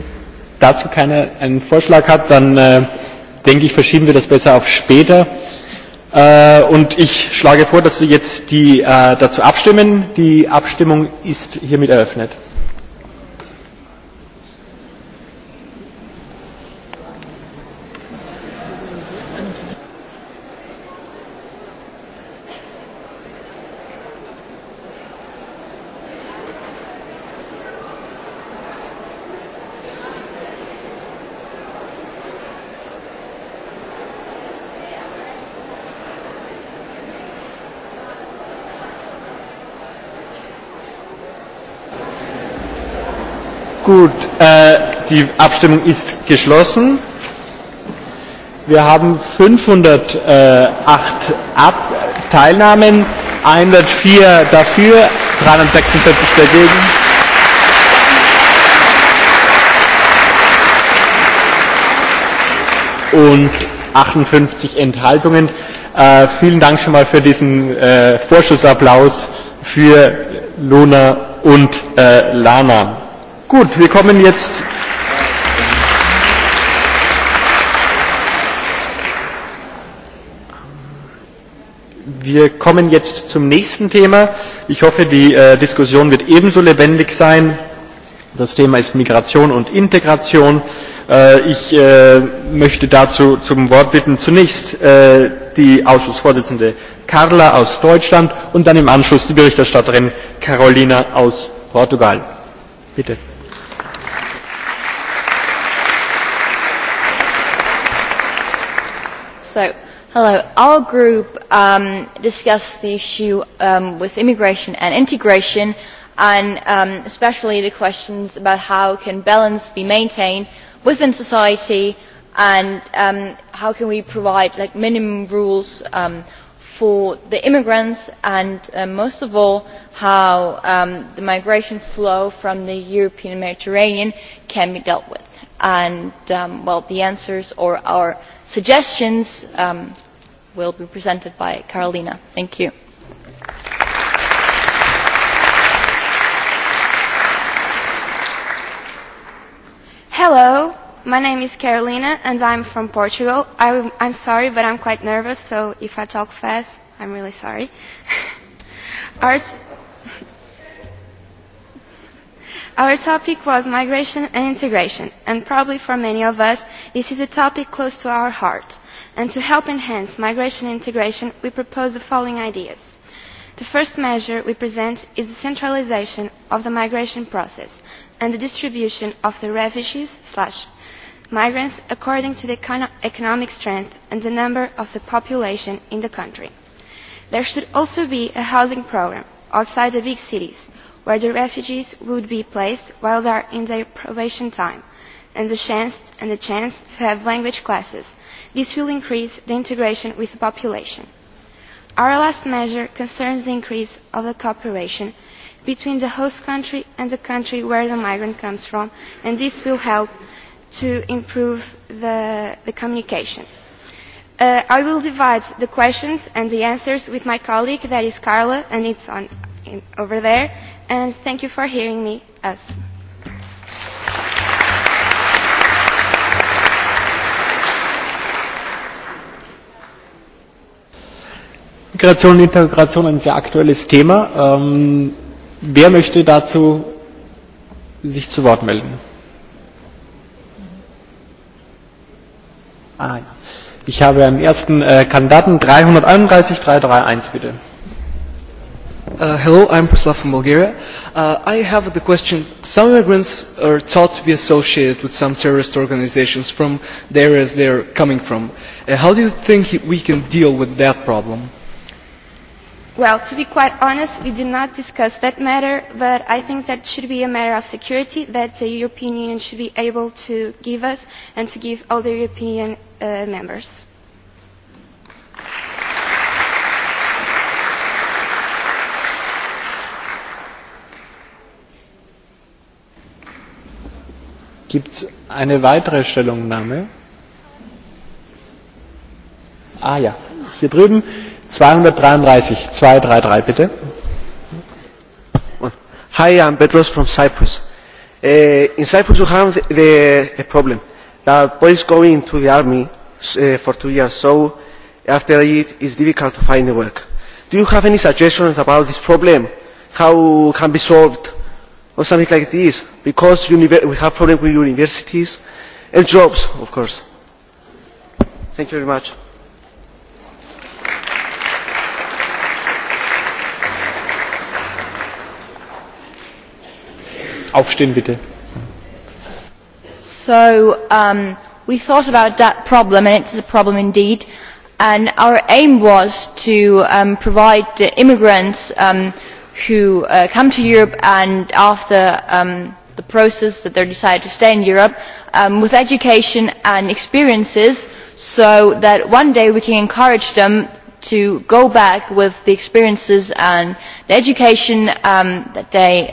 S1: dazu keiner einen Vorschlag hat, dann denke ich, verschieben wir das besser auf später. Und ich schlage vor, dass wir jetzt die dazu abstimmen. Die Abstimmung ist hiermit eröffnet. Gut, die Abstimmung ist geschlossen. Wir haben 508 Teilnahmen, 104 dafür, 346 dagegen. und 58 Enthaltungen. vielen Dank schon mal für diesen äh, Vorschussapplaus für Luna und Lana. Gut, wir kommen jetzt. Wir kommen jetzt zum nächsten Thema. Ich hoffe, die Diskussion wird ebenso lebendig sein. Das Thema ist Migration und Integration. Ich möchte dazu zum Wort bitten zunächst die Ausschussvorsitzende Carla aus Deutschland und dann im Anschluss die Berichterstatterin Carolina aus Portugal. Bitte.
S4: So, hello. Our group um, discussed the issue um, with immigration and integration, and um, especially the questions about how can balance be maintained within society, and um, how can we provide like minimum rules um, for the immigrants, and most of all, how um, the migration flow from the European Mediterranean can be dealt with. And, um, well, the answers or our suggestions will be presented by Carolina. Thank you.
S5: Hello, my name is Carolina and I'm from Portugal. I, I'm sorry, but I'm quite nervous, so if I talk fast, I'm really sorry. Our topic was migration and integration, and probably for many of us this is a topic close to our heart. And to help enhance migration integration, we propose the following ideas. The first measure we present is the centralisation of the migration process and the distribution of the refugees migrants according to the economic strength and the number of the population in the country. There should also be a housing programme outside the big cities where the refugees would be placed while they are in their probation time, and the chance and the chance to have language classes. This will increase the integration with the population. Our last measure concerns the increase of the cooperation between the host country and the country where the migrant comes from, and this will help to improve the communication. I will divide the questions and the answers with my colleague, that is Carla, and it's over there, and thank you for hearing me us.
S1: Migration und Integration ein sehr aktuelles Thema. wer möchte dazu sich zu Wort melden? Ah, Ich habe einen ersten äh, Kandidaten 331 331 bitte.
S10: Hello, I'm Prisla from Bulgaria. I have the question. Some immigrants are taught to be associated with some terrorist organizations from the areas they are coming from. How do you think we can deal with that problem?
S5: Well, to be quite honest, we did not discuss that matter, but I think that should be a matter of security that the European Union should be able to give us and to give all the European members.
S1: Gibt es eine weitere Stellungnahme? Ah ja, hier drüben 233, 233 bitte.
S10: Hi, I'm Petros from Cyprus. in Cyprus we have the, the problem that boys going to the army for two years, so after it is difficult to find work. Do you have any suggestions about this problem? How can be solved? or something like this because we have problems with universities and jobs, of course. Thank you very much.
S1: Aufstehen bitte.
S4: So um, we thought about that problem and it's a problem indeed and our aim was to um, provide the immigrants um, who come to Europe and after the process that they decide to stay in Europe with education and experiences so that one day we can encourage them to go back with the experiences and the education that they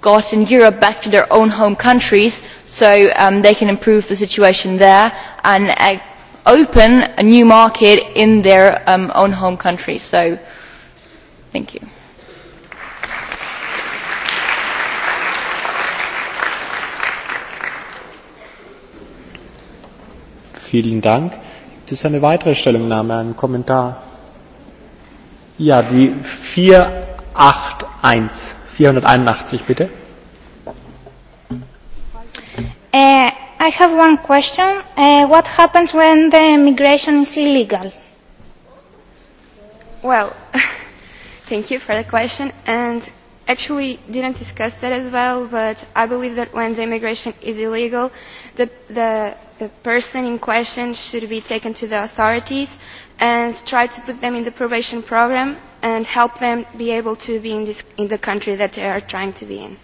S4: got in Europe back to their own home countries so they can improve the situation there and open a new market in their own home country. So, thank you. Vielen
S1: Dank. Gibt es eine weitere Stellungnahme, einen Kommentar? Ja, die 481, 481 bitte.
S11: Uh, I have one question. Uh, what happens when the migration is illegal? Well,
S5: thank you for the question. And actually didn't discuss that as well, but I believe that when the immigration is illegal, the, the the person in question should be taken to the authorities and try to put them in the probation program and help them be able to be in, this, in the country that they are trying to be in.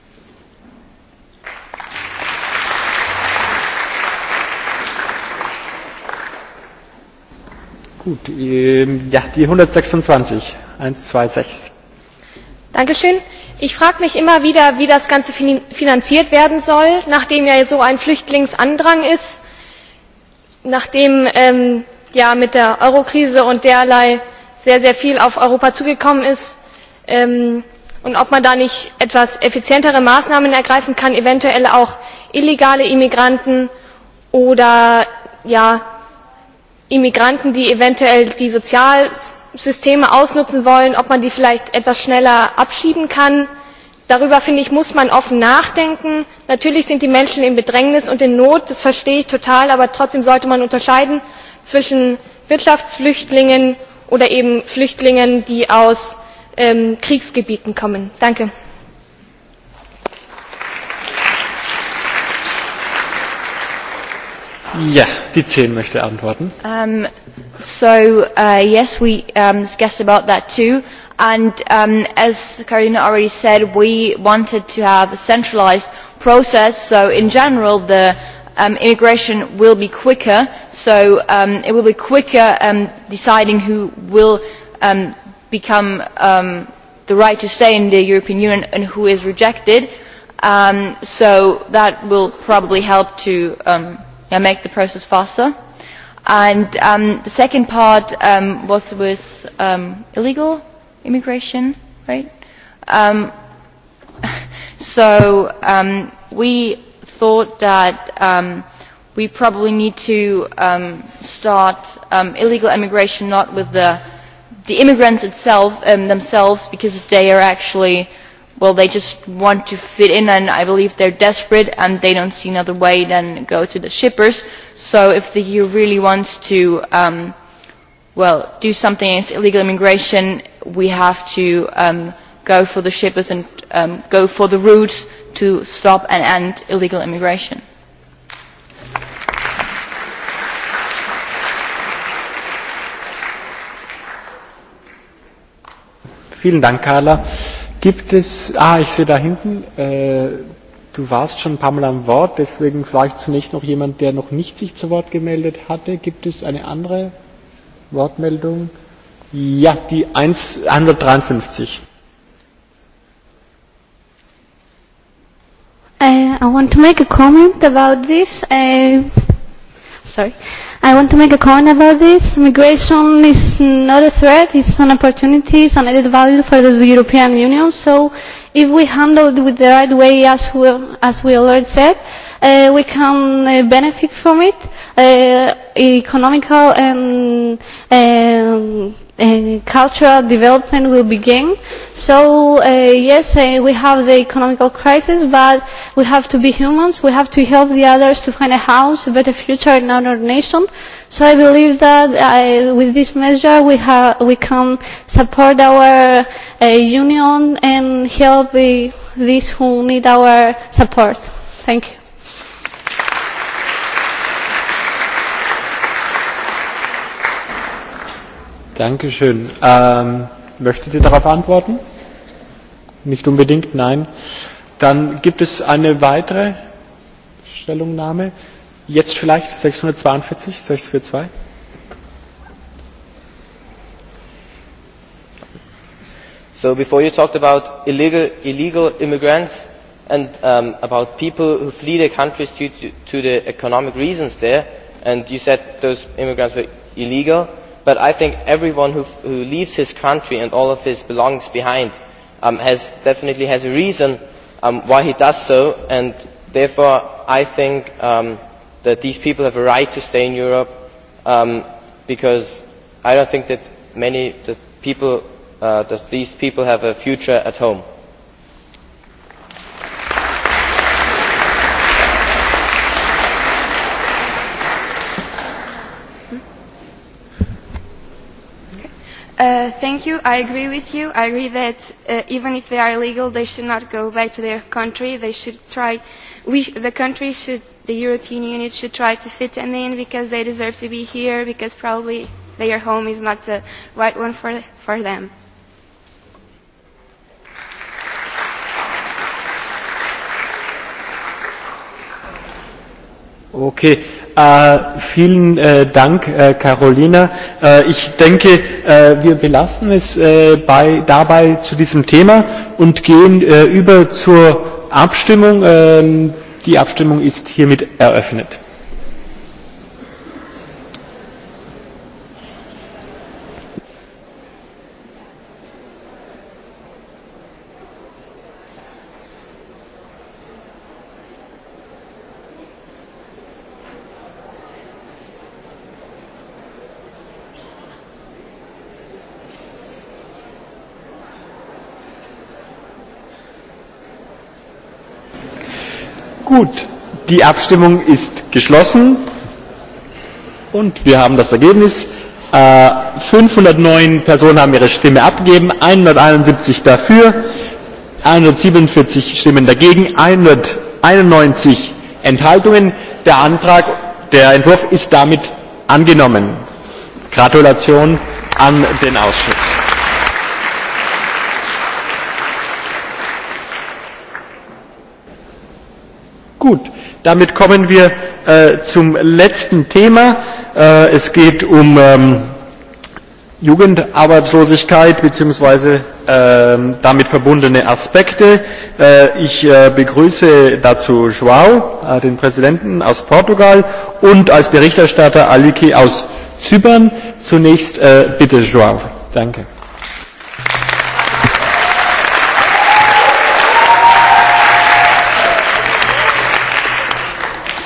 S1: Gut, ja, die 126,
S13: 6.
S12: Dankeschön. Ich frage mich immer wieder, wie das Ganze finanziert werden soll, nachdem ja so ein Flüchtlingsandrang ist nachdem ja mit der Eurokrise und derlei sehr, sehr viel auf Europa zugekommen ist und ob man da nicht etwas effizientere Maßnahmen ergreifen kann, eventuell auch illegale Immigranten oder ja, Immigranten, die eventuell die Sozialsysteme ausnutzen wollen, ob man die vielleicht etwas schneller abschieben kann darüber finde ich muss man offen nachdenken. natürlich sind die menschen in bedrängnis und in not das verstehe ich total aber trotzdem sollte man unterscheiden zwischen wirtschaftsflüchtlingen oder eben flüchtlingen die aus kriegsgebieten kommen. danke!
S1: möchte
S13: antworten
S4: and as Karina already said we wanted to have a centralised process so in general the immigration will be quicker so it will be quicker deciding who will become the right to stay in the European Union and who is rejected so that will probably help to make the process faster and the second part was was illegal immigration, right? Um, so um, we thought that um, we probably need to um, start um, illegal immigration not with the, the immigrants itself, um, themselves because they are actually, well, they just want to fit in and I believe they're desperate and they don't see another way than go to the shippers. So if the EU really wants to, um, well, do something against illegal immigration, we have to go for the shippers and go for the routes to stop and end illegal immigration.
S1: Vielen Dank, Carla. Gibt es, ah, ich sehe da hinten, du warst schon ein paar Mal am Wort, deswegen vielleicht zunächst noch jemand, der noch nicht sich zu Wort gemeldet hatte. Gibt es eine andere Wortmeldung? Ja, die 1, 153.
S11: Uh, I want to make a comment about this. Uh, sorry. I want to make a comment about this. Migration is not a threat, it's an opportunity, it's an added value for the European Union. So if we handle it with the right way, as we, as we already said, uh, we can benefit from it, uh, economical and cultural development will begin. So yes, we have the economical crisis, but we have to be humans. We have to help the others to find a house, a better future in our nation. So I believe that with this measure we we can support our union and help these who need our support. Thank you.
S1: Dankeschön. Ähm, möchtet ihr darauf antworten? Nicht unbedingt, nein. Dann gibt es eine weitere Stellungnahme. Jetzt vielleicht 642, 642.
S7: So before you talked about illegal, illegal immigrants and um, about people who flee their countries due to, to the economic reasons there, and you said those immigrants were illegal but I think everyone who, who leaves his country and all of his belongings behind um, has definitely has a reason um, why he does so, and therefore I think um, that these people have a right to stay in Europe um, because I don't think that many that people uh, that these people have a future at home.
S5: Thank you. I agree with you. I agree that even if they are illegal, they should not go back to their country. They should try. The country should, the European Union should try to fit them in because they deserve to be here, because probably their home is not the right one for for them.
S1: Okay. Vielen Dank, Carolina. Ich denke, wir belassen es dabei zu diesem Thema und gehen über zur Abstimmung. Die Abstimmung ist hiermit eröffnet. Gut, die Abstimmung ist geschlossen und wir haben das Ergebnis. 509 Personen haben ihre Stimme abgegeben, 171 dafür, 147 Stimmen dagegen, 191 Enthaltungen. Der Antrag, der Entwurf ist damit angenommen. Gratulation an den Ausschuss. Gut, damit kommen wir zum letzten Thema. Es geht um Jugendarbeitslosigkeit bzw. damit verbundene Aspekte. Ich begrüße dazu João, den Präsidenten aus Portugal, und als Berichterstatter Aliki aus Zypern. Zunächst bitte João. Danke.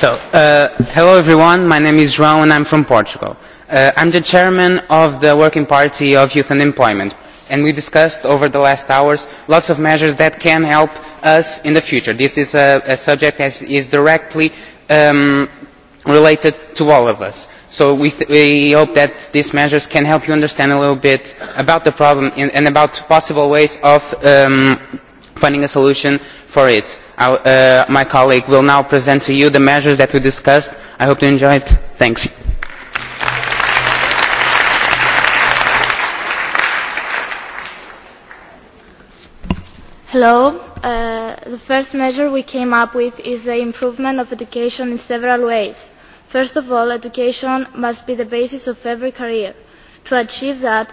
S8: So, hello everyone. My name is João and I'm from Portugal. I'm the chairman of the Working Party of Youth and Employment, and we discussed over the last hours lots of measures that can help us in the future. This is a subject that is directly um related to all of us. So we hope that these measures can help you understand a little bit about the problem and about possible ways of finding a solution for it. My colleague will now present to you the measures that we discussed. I hope you enjoy it. Thanks.
S11: Hello. The first measure we came up with is the improvement of education in several ways. First of all, education must be the basis of every career. To achieve that,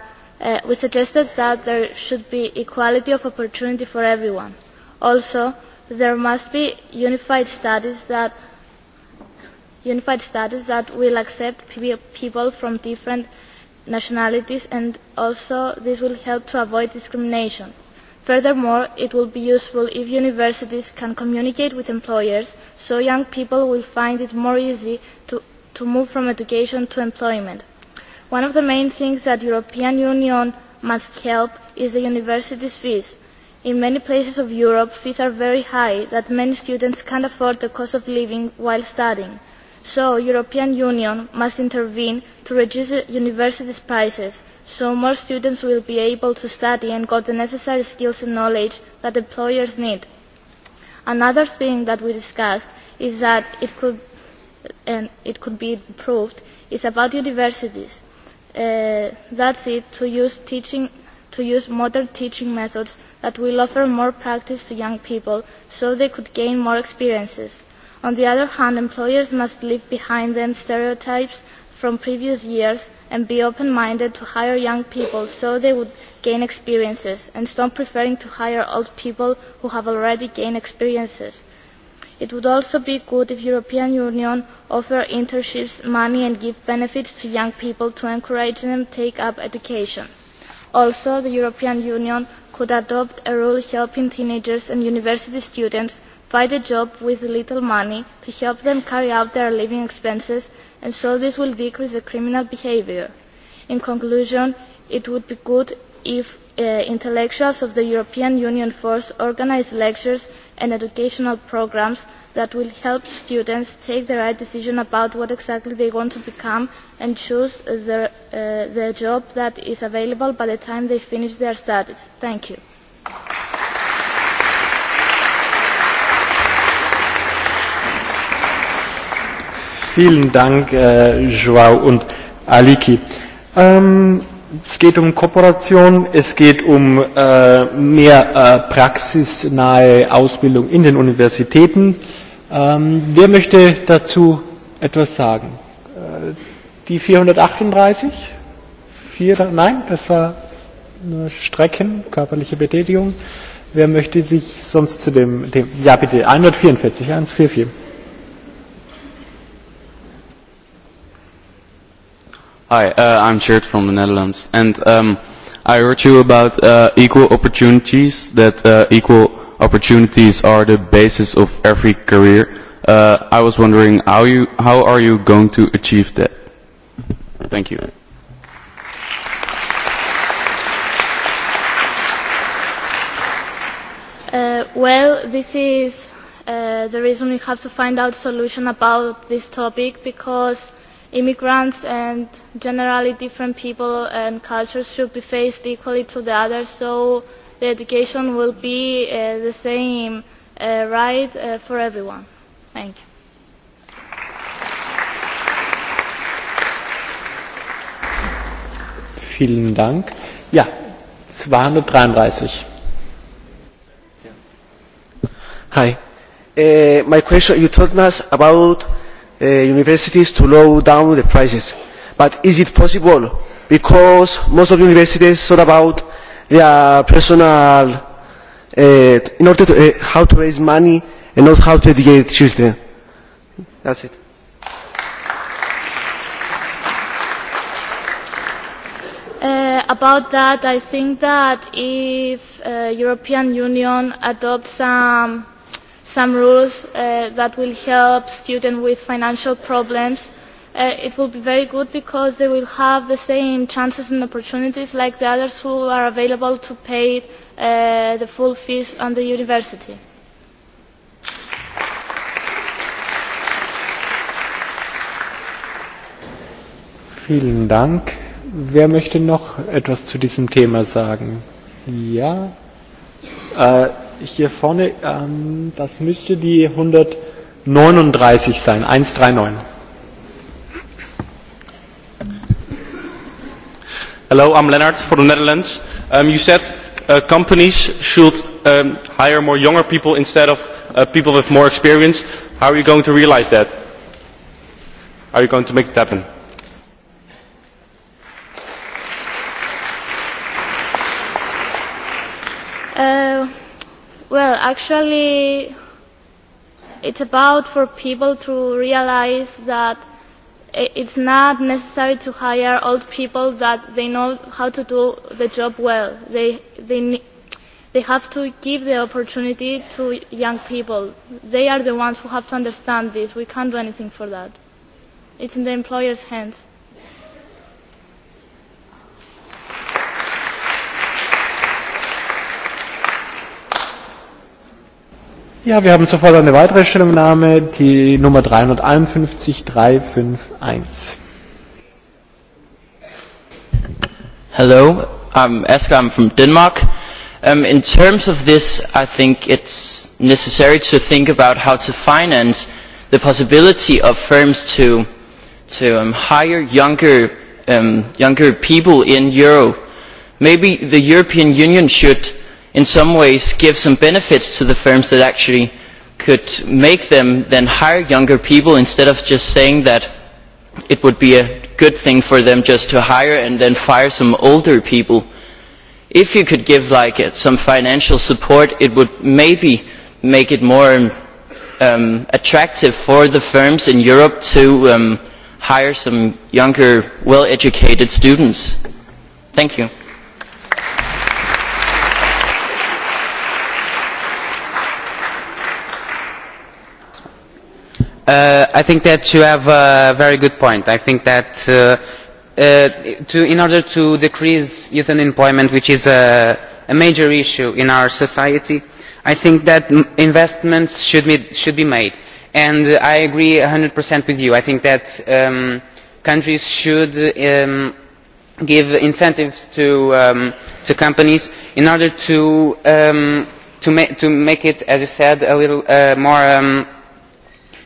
S11: we suggested that there should be equality of opportunity for everyone. Also, there must be unified studies that unified studies that will accept people from different nationalities and also this will help to avoid discrimination. Furthermore, it will be useful if universities can communicate with employers so young people will find it more easy to move from education to employment. One of the main things that the European Union must help is the university fees. In many places of Europe, fees are very high, that many students can't afford the cost of living while studying. So, the European Union must intervene to reduce university' prices, so more students will be able to study and got the necessary skills and knowledge that employers need. Another thing that we discussed is that it could be improved is about universities That's it, to use teaching to use modern teaching methods that will offer more practice to young people so they could gain more experiences. On the other hand, employers must leave behind them stereotypes from previous years and be open-minded to hire young people so they would gain experiences and stop preferring to hire old people who have already gained experiences. It would also be good if European Union offer internships money and give benefits to young people to encourage them to take up education. Also, the European Union could adopt a rule helping teenagers and university students find a job with little money to help them carry out their living expenses and so this will decrease the criminal behaviour. In conclusion, it would be good if intellectuals of the European Union Force organise lectures and educational programmes that will help students take the right decision about what exactly they want to become and choose the job that is available by the time they finish their studies. Thank you.
S1: Es geht um Kooperation, es geht um mehr praxisnahe Ausbildung in den Universitäten. Wer möchte dazu etwas sagen? Die 438? Nein, das war nur Strecken, körperliche Betätigung. Wer möchte sich sonst zu dem, ja bitte, 144, 144.
S8: Hi, I'm Shirt from the Netherlands, and um I heard you about equal opportunities. That equal opportunities are the basis of every career. I was wondering how you, how are you going to achieve that? Thank you.
S11: Well, this is the reason we have to find out a solution about this topic because immigrants and generally different people and cultures should be faced equally to the others so the education will be the same right for everyone. Thank you.
S1: Vielen Dank. Ja, 233.
S10: Hi. my question, you told us about universities to lower down the prices. But is it possible? Because most of universities thought about their personal in order to how to raise money and not how to educate children. That's it.
S11: About that, I think that if European Union adopts some some rules that will help students with financial problems. It will be very good because they will have the same chances and opportunities like the others who are available to pay the full fees on the university.
S1: Vielen Dank. Wer möchte noch etwas zu diesem Thema sagen? Ja hier vorne, ähm, das müsste die 139 sein, 139. Hello, I'm Leonard for the Netherlands. Um, you said uh, companies should um, hire more younger people instead of uh, people with more experience.
S6: How are you going to realize that? How are you going to make it happen?
S11: Well, actually, it's about for people to realize that it's not necessary to hire old people that they know how to do the job well. They, they, they have to give the opportunity to young people. They are the ones who have to understand this. We can't do anything for that. It's in the employer's hands.
S1: Ja, wir haben sofort eine weitere Stellungnahme, die Nummer 351 351.
S7: Hello, I'm Eska, I'm from Denmark. Um, in terms of this, I think it's necessary to think about how to finance the possibility of firms to, to um, hire younger, um, younger people in Euro. Maybe the European Union should in some ways give some benefits to the firms that actually could make them then hire younger people instead of just saying that it would be a good thing for them just to hire and then fire some older people. If you could give like it some financial support, it would maybe make it more attractive for the firms in Europe to hire some younger, well-educated students. Thank you.
S8: I think that you have a very good point. I think that to in order to decrease youth unemployment, which is a major issue in our society, I think that investments should be made. And I agree 100% with you. I think that countries should give incentives to to companies in order to to make it, as you said, a little more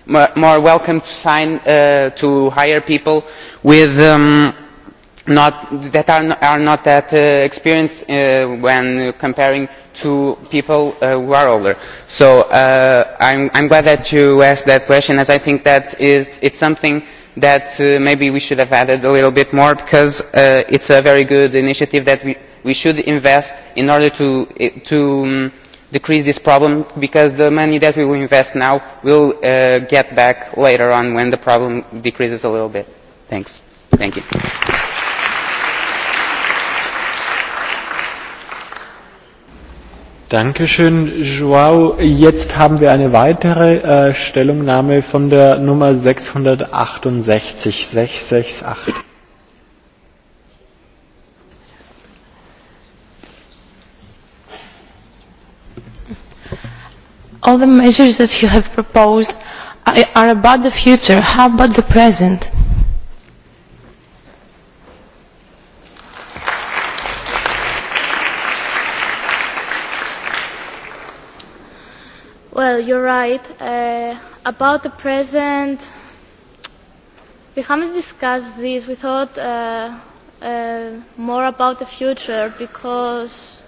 S8: more welcome to sign to hire people with not that are not that experienced when comparing to people who are older. So I'm I'm glad that you asked that question as I think that is it's something that maybe we should have added a little bit more because it's a very good initiative that we we should invest in order to to decrease this problem because the money that we will invest now will get back later on when the problem decreases a little bit. Thanks. Thank you.
S1: Dankeschön, Joao. Jetzt haben wir eine weitere äh, Stellungnahme von der Nummer 668. 668.
S4: all the measures that you have proposed are about the future. How about the present?
S11: Well, you're right. About the present, we haven't discussed this. We thought more about the future because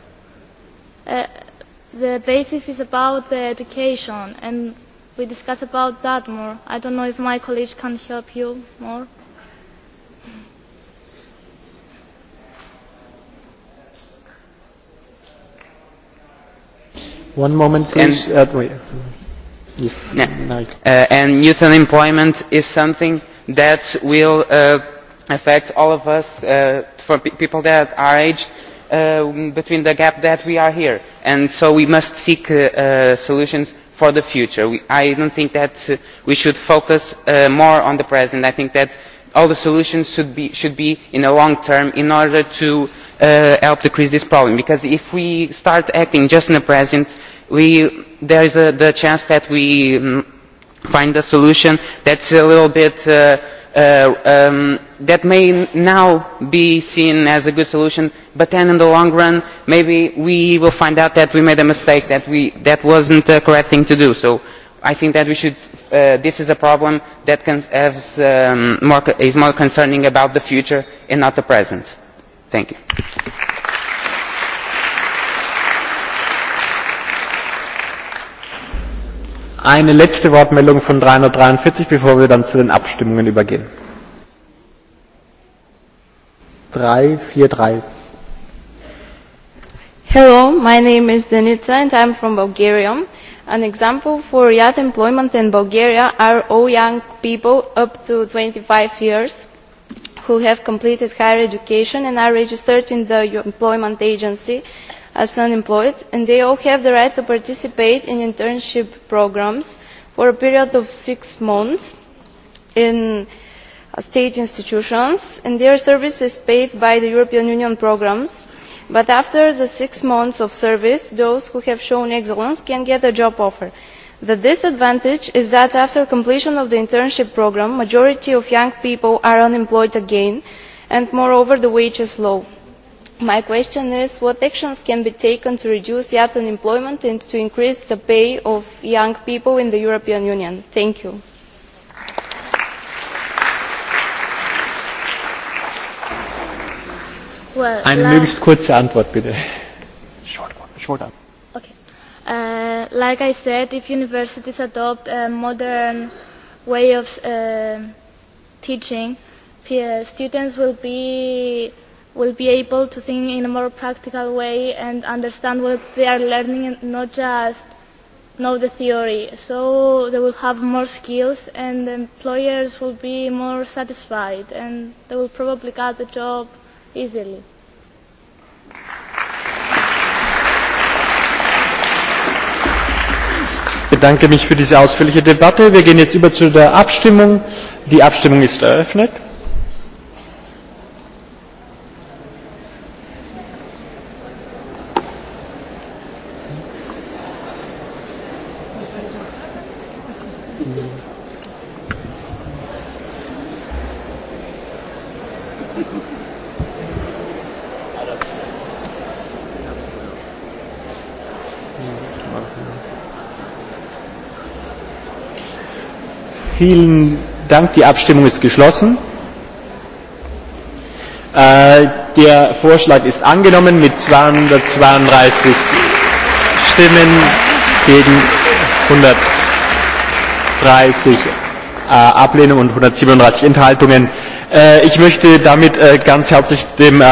S11: The basis is about the education, and we discuss about that more. I don't know if my colleagues can help you more.
S1: One moment, please.
S8: And youth unemployment is something that will affect all of us, for people that are aged between the gap that we are here and so we must seek solutions for the future. I don't think that we should focus more on the present. I think that all the solutions should be should be in the long term in order to help decrease this problem because if we start acting just in the present we there is the chance that we find a solution that's a little bit that may now be seen as a good solution, but then in the long run, maybe we will find out that we made a mistake, that we that wasn't the correct thing to do. So I think that we should. This is a problem that is more concerning about the future and not the present. Thank you. Eine letzte
S1: Wortmeldung von 343, bevor wir dann zu den Abstimmungen übergehen. 343.
S4: Hello, my
S5: name is Denitsa and I'm from Bulgaria. An example for youth employment in Bulgaria are all young people up to 25 years who have completed higher education and are registered in the employment agency as unemployed and they all have the right to participate in internship programmes for a period of six months in state institutions and their service is paid by the European Union programmes but after the six months of service those who have shown excellence can get a job offer. The disadvantage is that after completion of the internship programme majority of young people are unemployed again and moreover the wage is low my question is what actions can be taken to reduce youth unemployment and to increase the pay of young people in the european union? thank you.
S11: Eine möglichst
S1: kurze Antwort bitte. Short Short answer. Okay.
S11: Uh, like I said, if universities adopt a modern way of uh, teaching, students will be will be able to think in a more practical way and understand what they are learning and not just know the theory. So they will have more skills and the employers will be more satisfied and they will probably get the job easily.
S1: Ich bedanke mich für diese ausführliche Debatte. Wir gehen jetzt über zu der Abstimmung. Die Abstimmung ist eröffnet. Vielen Dank. Die Abstimmung ist geschlossen. Der Vorschlag ist angenommen mit 232 Stimmen gegen 130 Ablehnung und 137 Enthaltungen. Ich möchte damit ganz herzlich dem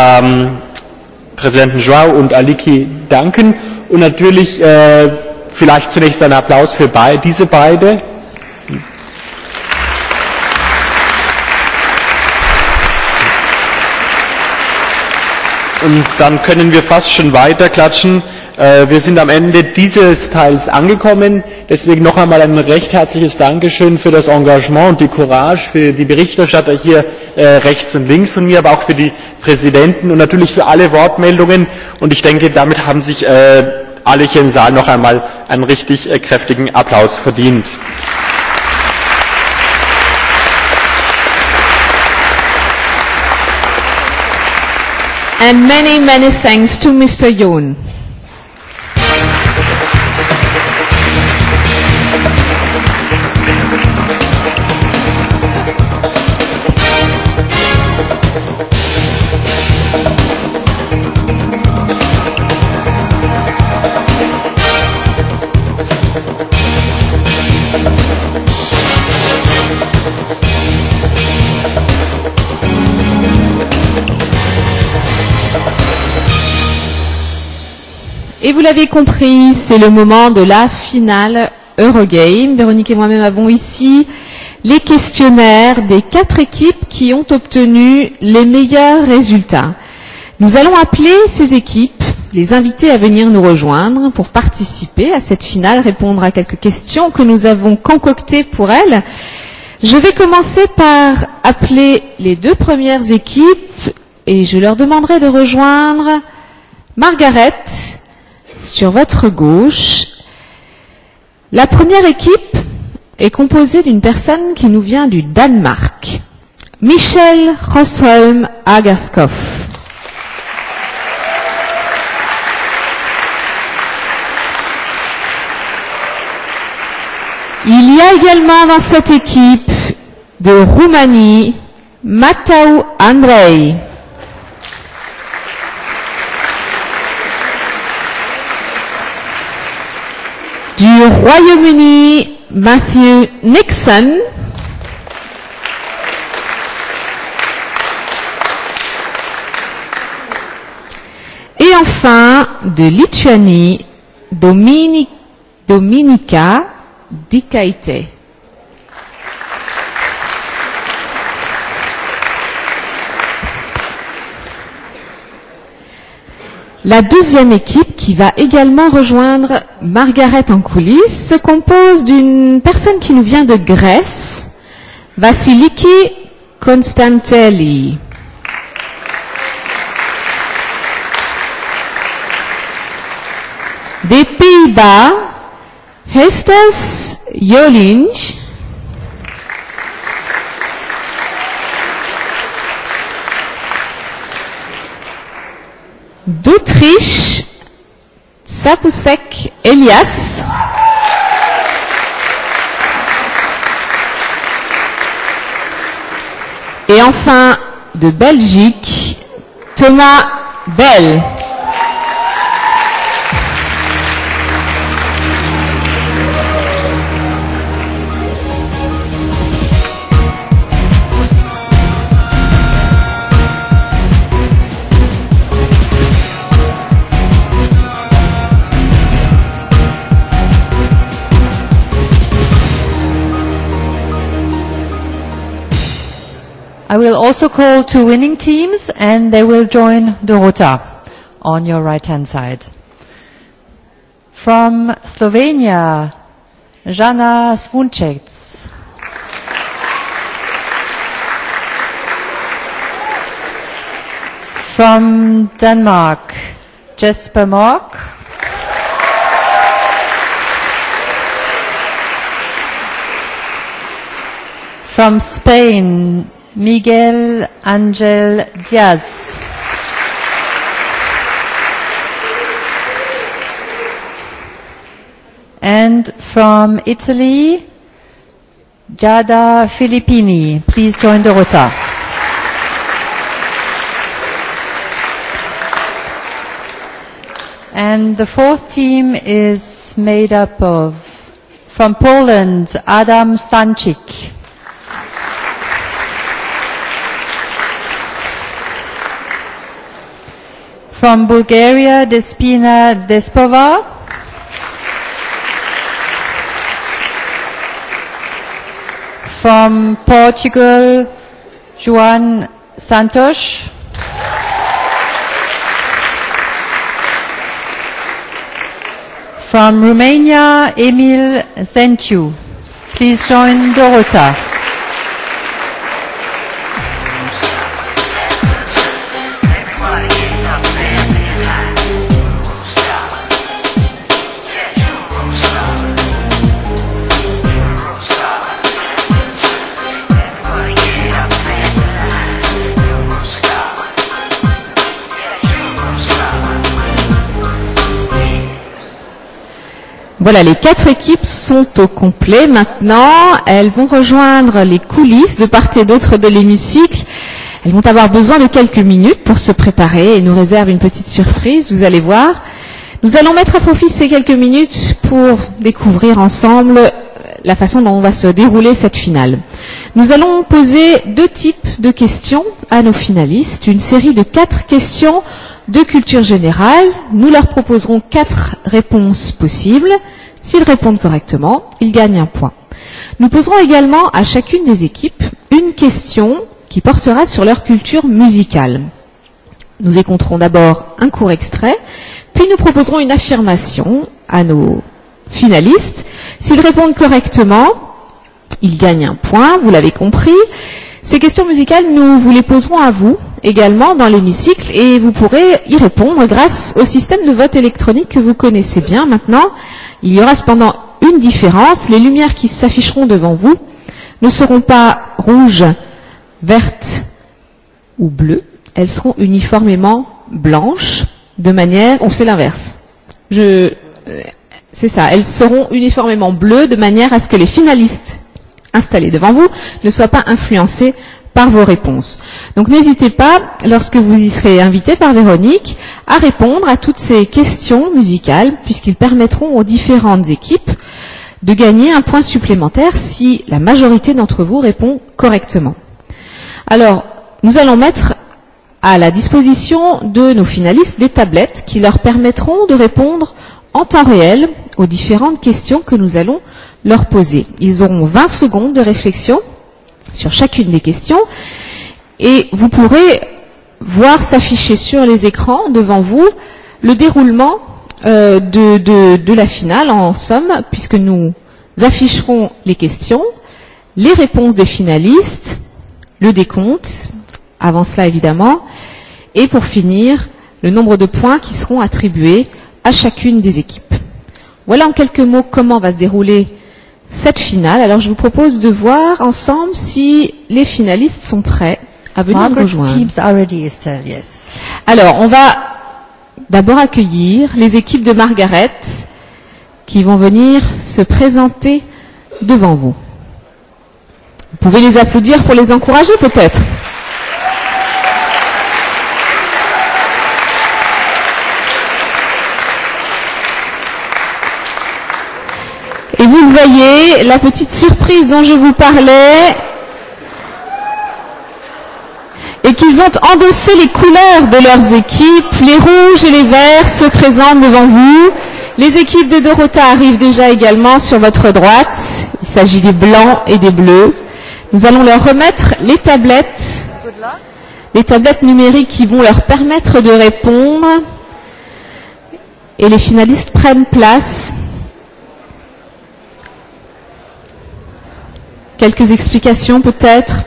S1: Präsidenten Joao und Aliki danken und natürlich vielleicht zunächst einen Applaus für diese beiden. Und dann können wir fast schon weiter klatschen. Wir sind am Ende dieses Teils angekommen. Deswegen noch einmal ein recht herzliches Dankeschön für das Engagement und die Courage, für die Berichterstatter hier rechts und links von mir, aber auch für die Präsidenten und natürlich für alle Wortmeldungen. Und ich denke, damit haben sich alle hier im Saal noch einmal einen richtig kräftigen Applaus verdient.
S2: and many, many thanks to Mr. Yoon. Vous l'avez compris, c'est le moment de la finale Eurogame. Véronique et moi-même avons ici les questionnaires des quatre équipes qui ont obtenu les meilleurs résultats. Nous allons appeler ces équipes, les inviter à venir nous rejoindre pour participer à cette finale, répondre à quelques questions que nous avons concoctées pour elles. Je vais commencer par appeler les deux premières équipes et je leur demanderai de rejoindre Margaret sur votre gauche. La première équipe est composée d'une personne qui nous vient du Danemark. Michel Rosholm Agaskov. Il y a également dans cette équipe de Roumanie Matau Andrei. du Royaume-Uni, Matthew Nixon. Et enfin, de Lituanie, Dominica Dikaite. La deuxième équipe, qui va également rejoindre Margaret en coulisses, se compose d'une personne qui nous vient de Grèce, Vasiliki Constantelli. Des Pays-Bas, Hestos Jolinch. d'Autriche, Sapusek Elias. Et enfin, de Belgique, Thomas Bell.
S13: I will also call two winning teams and they will join Dorota on your right hand side. From Slovenia, Jana Svunček. From Denmark, Jesper Mark. From Spain, Miguel Ángel Díaz. And from Italy, Giada Filippini. Please join the rota. And the fourth team is made up of, from Poland, Adam Stanczyk. From Bulgaria, Despina Despova. From Portugal, Juan Santos. From Romania, Emil Zentiu. Please join Dorota.
S2: Voilà, les quatre équipes sont au complet maintenant. Elles vont rejoindre les coulisses de part et d'autre de l'hémicycle. Elles vont avoir besoin de quelques minutes pour se préparer et nous réservent une petite surprise, vous allez voir. Nous allons mettre à profit ces quelques minutes pour découvrir ensemble la façon dont va se dérouler cette finale. Nous allons poser deux types de questions à nos finalistes, une série de quatre questions de culture générale, nous leur proposerons quatre réponses possibles. S'ils répondent correctement, ils gagnent un point. Nous poserons également à chacune des équipes une question qui portera sur leur culture musicale. Nous écouterons d'abord un court extrait, puis nous proposerons une affirmation à nos finalistes. S'ils répondent correctement, ils gagnent un point, vous l'avez compris. Ces questions musicales, nous vous les poserons à vous, également dans l'hémicycle et vous pourrez y répondre grâce au système de vote électronique que vous connaissez bien maintenant. Il y aura cependant une différence. Les lumières qui s'afficheront devant vous ne seront pas rouges, vertes ou bleues. Elles seront uniformément blanches de manière... Ou c'est l'inverse. Je... C'est ça. Elles seront uniformément bleues de manière à ce que les finalistes installés devant vous ne soient pas influencés par vos réponses. Donc n'hésitez pas, lorsque vous y serez invité par Véronique, à répondre à toutes ces questions musicales, puisqu'ils permettront aux différentes équipes de gagner un point supplémentaire si la majorité d'entre vous répond correctement. Alors, nous allons mettre à la disposition de nos finalistes des tablettes qui leur permettront de répondre en temps réel aux différentes questions que nous allons leur poser. Ils auront 20 secondes de réflexion sur chacune des questions et vous pourrez voir s'afficher sur les écrans devant vous le déroulement de, de, de la finale en somme puisque nous afficherons les questions, les réponses des finalistes, le décompte, avant cela évidemment, et pour finir, le nombre de points qui seront attribués à chacune des équipes. Voilà en quelques mots comment va se dérouler cette finale. Alors je vous propose de voir ensemble si les finalistes sont prêts à venir nous rejoindre. Alors on va d'abord accueillir les équipes de Margaret qui vont venir se présenter devant vous. Vous pouvez les applaudir pour les encourager peut-être. vous le voyez, la petite surprise dont je vous parlais et qu'ils ont endossé les couleurs de leurs équipes. Les rouges et les verts se présentent devant vous. Les équipes de Dorota arrivent déjà également sur votre droite. Il s'agit des blancs et des bleus. Nous allons leur remettre les tablettes, les tablettes numériques qui vont leur permettre de répondre. Et les finalistes prennent place. Quelques explications peut-être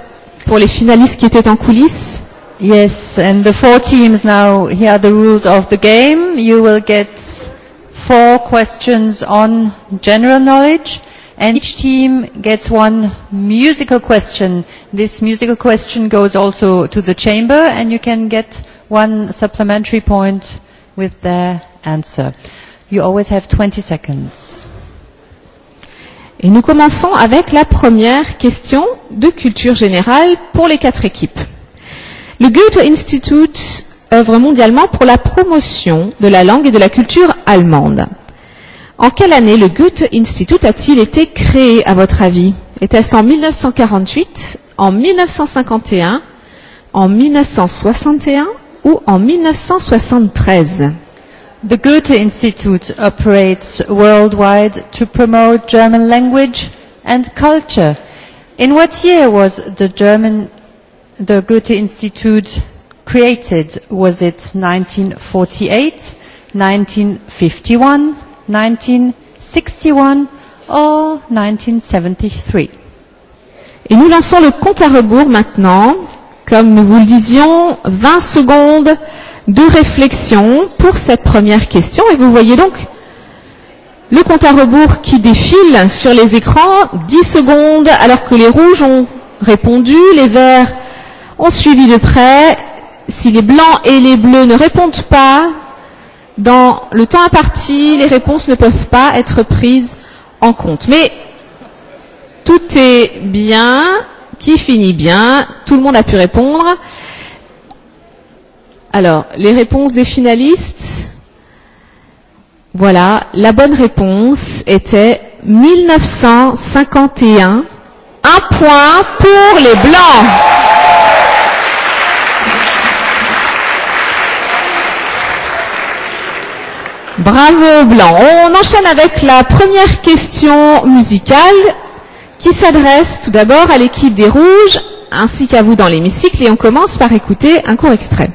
S2: pour les finalistes qui étaient en coulisses. Yes,
S13: and the four teams now, here are the rules of the game. You will get four questions on general knowledge and each team gets one musical question. This musical question goes also to the chamber and you can get one supplementary point with their answer. You always have 20 seconds. Et nous commençons avec la première
S2: question de culture générale pour les quatre équipes. Le Goethe Institut œuvre mondialement pour la promotion de la langue et de la culture allemande. En quelle année le Goethe Institut a-t-il été créé, à votre avis Était-ce en 1948, en 1951, en 1961
S13: ou en 1973 The Goethe Institute operates worldwide to promote German language and culture. In what year was the German the Goethe Institute created? Was it 1948, 1951, 1961 or 1973?
S2: Et nous lançons le compte à rebours maintenant. Comme nous vous le disions, 20 secondes de réflexion pour cette première question. Et vous voyez donc le compte à rebours qui défile sur les écrans. 10 secondes alors que les rouges ont répondu, les verts ont suivi de près. Si les blancs et les bleus ne répondent pas, dans le temps imparti, les réponses ne peuvent pas être prises en compte. Mais tout est bien, qui finit bien, tout le monde a pu répondre. Alors, les réponses des finalistes. Voilà, la bonne réponse était 1951. Un point pour les Blancs. Bravo Blancs. On enchaîne avec la première question musicale qui s'adresse tout d'abord à l'équipe des Rouges ainsi qu'à vous dans l'hémicycle et on commence par écouter un court extrait.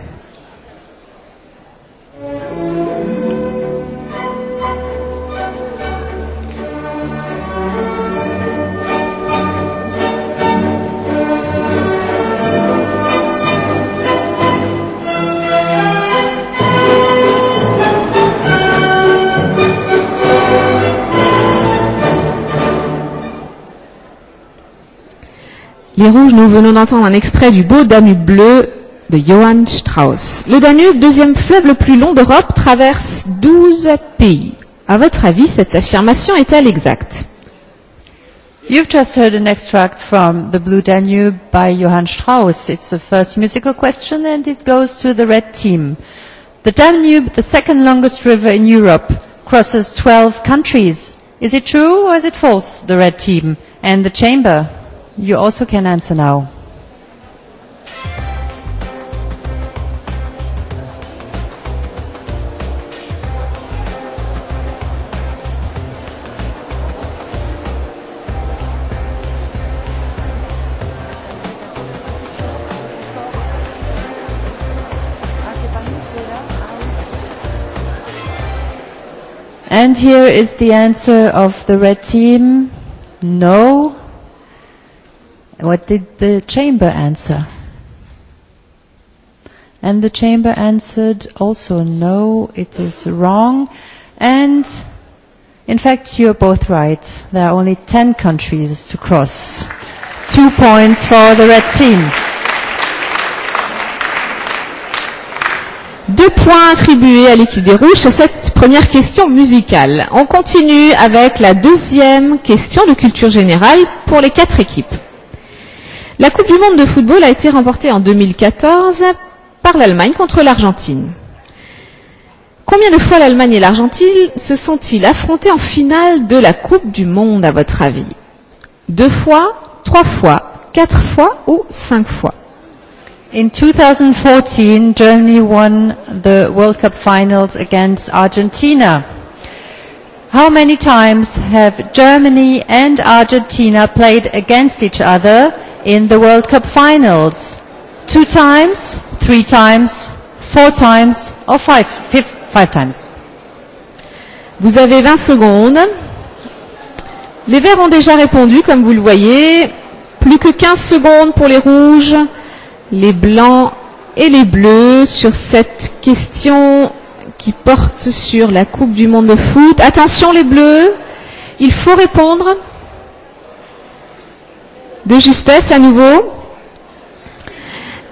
S2: Les Rouges, nous venons d'entendre un extrait du beau Danube bleu de Johann Strauss. Le Danube, deuxième fleuve le plus long d'Europe, traverse 12 pays. À
S13: votre avis, cette affirmation est-elle exacte You've just heard an extract from The Blue Danube by Johann Strauss. It's the first musical question and it goes to the red team. The Danube, the second longest river in Europe, crosses 12 countries. Is it true or is it false, the red team and the chamber? You also can answer now. And here is the answer of the red team. No. What did the chamber answer? And the chamber answered also no, it is wrong. And in fact, are both right. There are only 10 countries to cross. Two points for the red team.
S2: Deux points attribués à l'équipe des Rouges sur cette première question musicale. On continue avec la deuxième question de culture générale pour les quatre équipes. La Coupe du monde de football a été remportée en 2014 par l'Allemagne contre l'Argentine. Combien de fois l'Allemagne et l'Argentine se sont-ils affrontés en finale de la Coupe du monde à votre avis Deux fois,
S13: trois fois, quatre fois ou cinq fois In 2014, Germany won the World Cup finals against Argentina. How many times have Germany and Argentina played against each other in the World Cup finals? Two times, three times, four times or five, five times. Vous avez 20 secondes. Les verts ont déjà répondu, comme vous le voyez.
S2: Plus que 15 secondes pour les rouges, les blancs et les bleus sur cette question qui porte sur la Coupe du Monde de foot. Attention les bleus, il faut répondre de justesse à nouveau.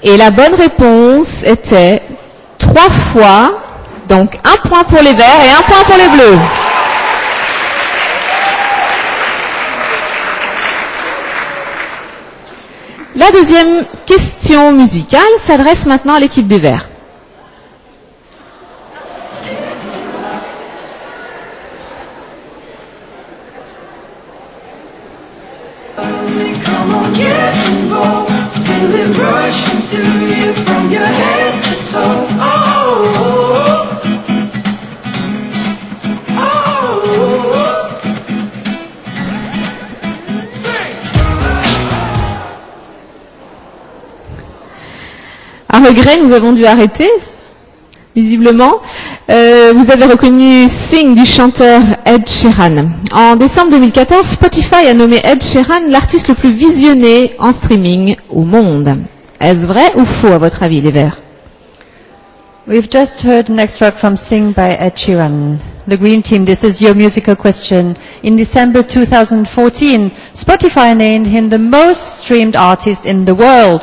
S2: Et la bonne réponse était trois fois. Donc un point pour les verts et un point pour les bleus. La deuxième question musicale s'adresse maintenant à l'équipe des verts. regret, nous avons dû arrêter, visiblement. Euh, vous avez reconnu Sing du chanteur Ed Sheeran. En décembre 2014, Spotify a nommé Ed Sheeran l'artiste le plus
S13: visionné en streaming au monde. Est-ce vrai ou faux à votre avis, les Verts We've just heard an extract from Sing by Ed Sheeran. The Green Team, this is your musical question. In December 2014, Spotify named him the most streamed artist in the world.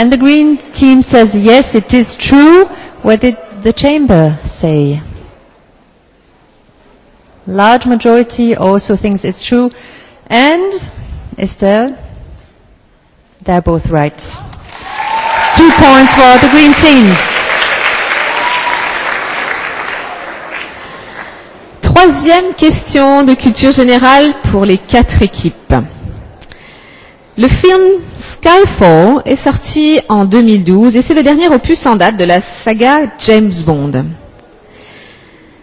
S13: And the green team says yes, it is true. What did the chamber say? Large majority also thinks it's true. And Estelle, they're both right. Two points for the green team.
S2: Troisième question de culture générale pour les quatre équipes. Le film Skyfall est sorti en 2012 et c'est le dernier opus en date de la saga James Bond.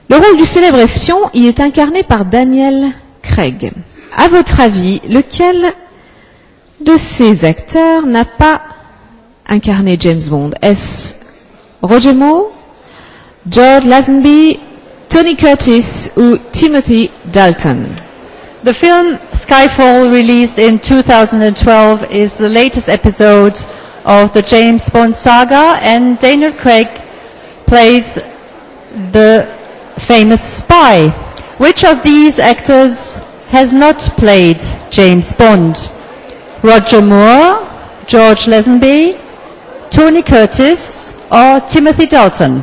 S2: Le rôle du célèbre espion y est incarné par Daniel Craig. À votre avis, lequel de ces acteurs n'a pas incarné James Bond Est-ce Roger Moore, George
S13: Lazenby, Tony Curtis ou Timothy Dalton The film Skyfall, released in 2012, is the latest episode of the James Bond saga, and Daniel Craig plays the famous spy. Which of these actors has not played James Bond? Roger Moore, George Lazenby, Tony Curtis or Timothy Dalton?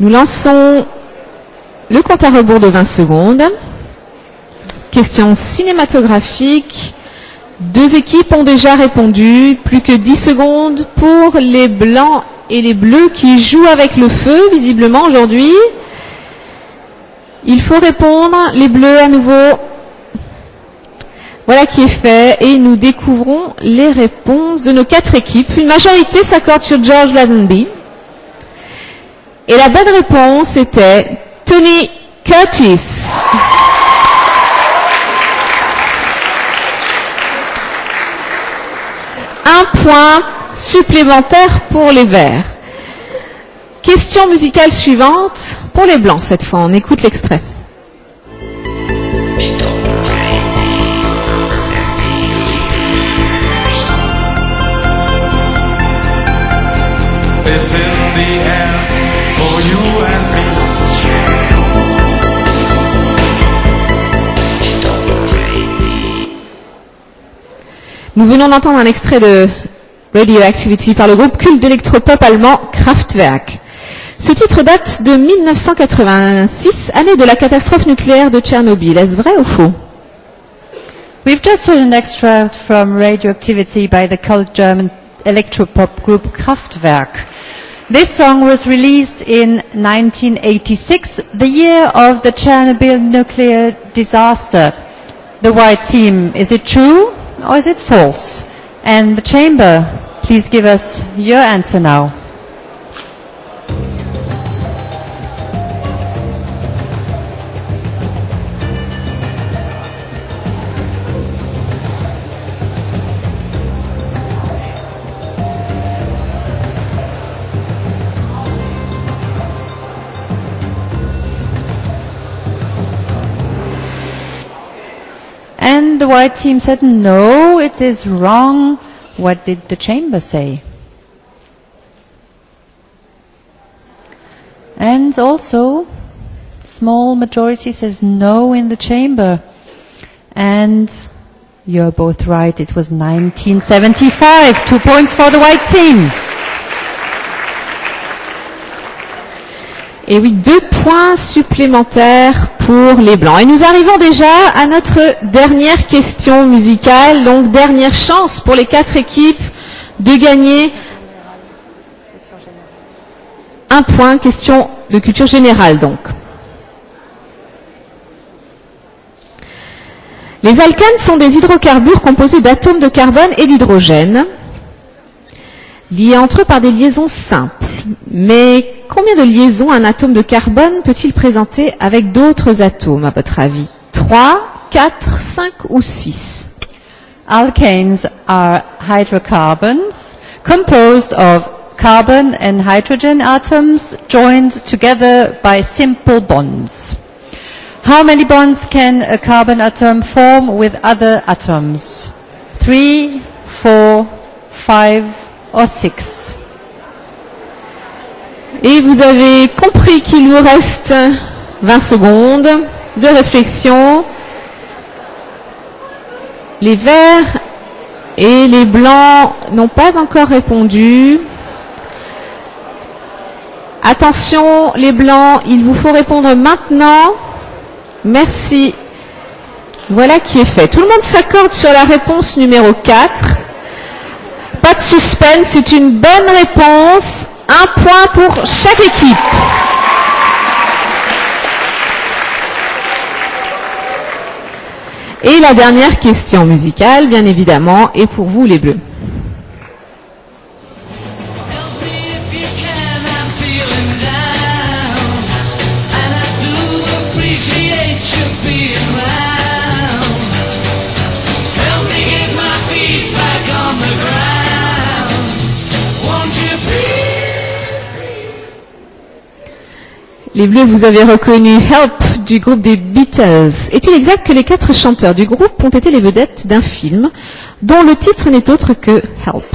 S13: Nous lançons le compte à rebours de 20 secondes
S2: question cinématographique. Deux équipes ont déjà répondu. Plus que 10 secondes pour les blancs et les bleus qui jouent avec le feu, visiblement, aujourd'hui. Il faut répondre. Les bleus à nouveau. Voilà qui est fait. Et nous découvrons les réponses de nos quatre équipes. Une majorité s'accorde sur George Lazenby. Et la bonne réponse était Tony Curtis. un point supplémentaire pour les verts. Question musicale suivante, pour les blancs cette fois, on écoute l'extrait. This is Nous venons d'entendre un extrait de Radioactivity par le groupe culte d'électropop allemand Kraftwerk. Ce titre date de 1986, année de la catastrophe nucléaire de Tchernobyl. Est-ce vrai
S13: ou faux? We've just heard an extract from Radioactivity by the cult German electropop group Kraftwerk. This song was released in 1986, the year of the Chernobyl nuclear disaster. The White Team, is it true or is it false? And the chamber, please give us your answer now. And the white team said, no, it is wrong. What did the chamber say? And also, small majority says no in the chamber. And you're both right, it was 1975. Two points for the white team.
S2: Et oui, deux points supplémentaires pour les Blancs. Et nous arrivons déjà à notre dernière question musicale, donc dernière chance pour les quatre équipes de gagner un point, question de culture générale donc. Les alcanes sont des hydrocarbures composés d'atomes de carbone et d'hydrogène liés entre eux par des liaisons simples. Mais combien de liaisons un atome de carbone peut-il présenter avec d'autres atomes, à votre avis 3,
S13: 4, 5 ou 6 Alkanes are hydrocarbons composed of carbon and hydrogen atoms joined together by simple bonds. How many bonds can a carbon atom form with other atoms? Three, four, five, au 6. Et vous
S2: avez compris qu'il vous reste 20 secondes de réflexion. Les verts et les blancs n'ont pas encore répondu. Attention, les blancs, il vous faut répondre maintenant. Merci. Voilà qui est fait. Tout le monde s'accorde sur la réponse numéro 4. Pas de suspense, c'est une bonne réponse. Un point pour chaque équipe. Et la dernière question musicale, bien évidemment, est pour vous les bleus. Les Bleus, vous avez reconnu Help du groupe des Beatles. Est-il exact que
S13: les quatre chanteurs du groupe ont été les vedettes d'un film dont le titre n'est autre que Help?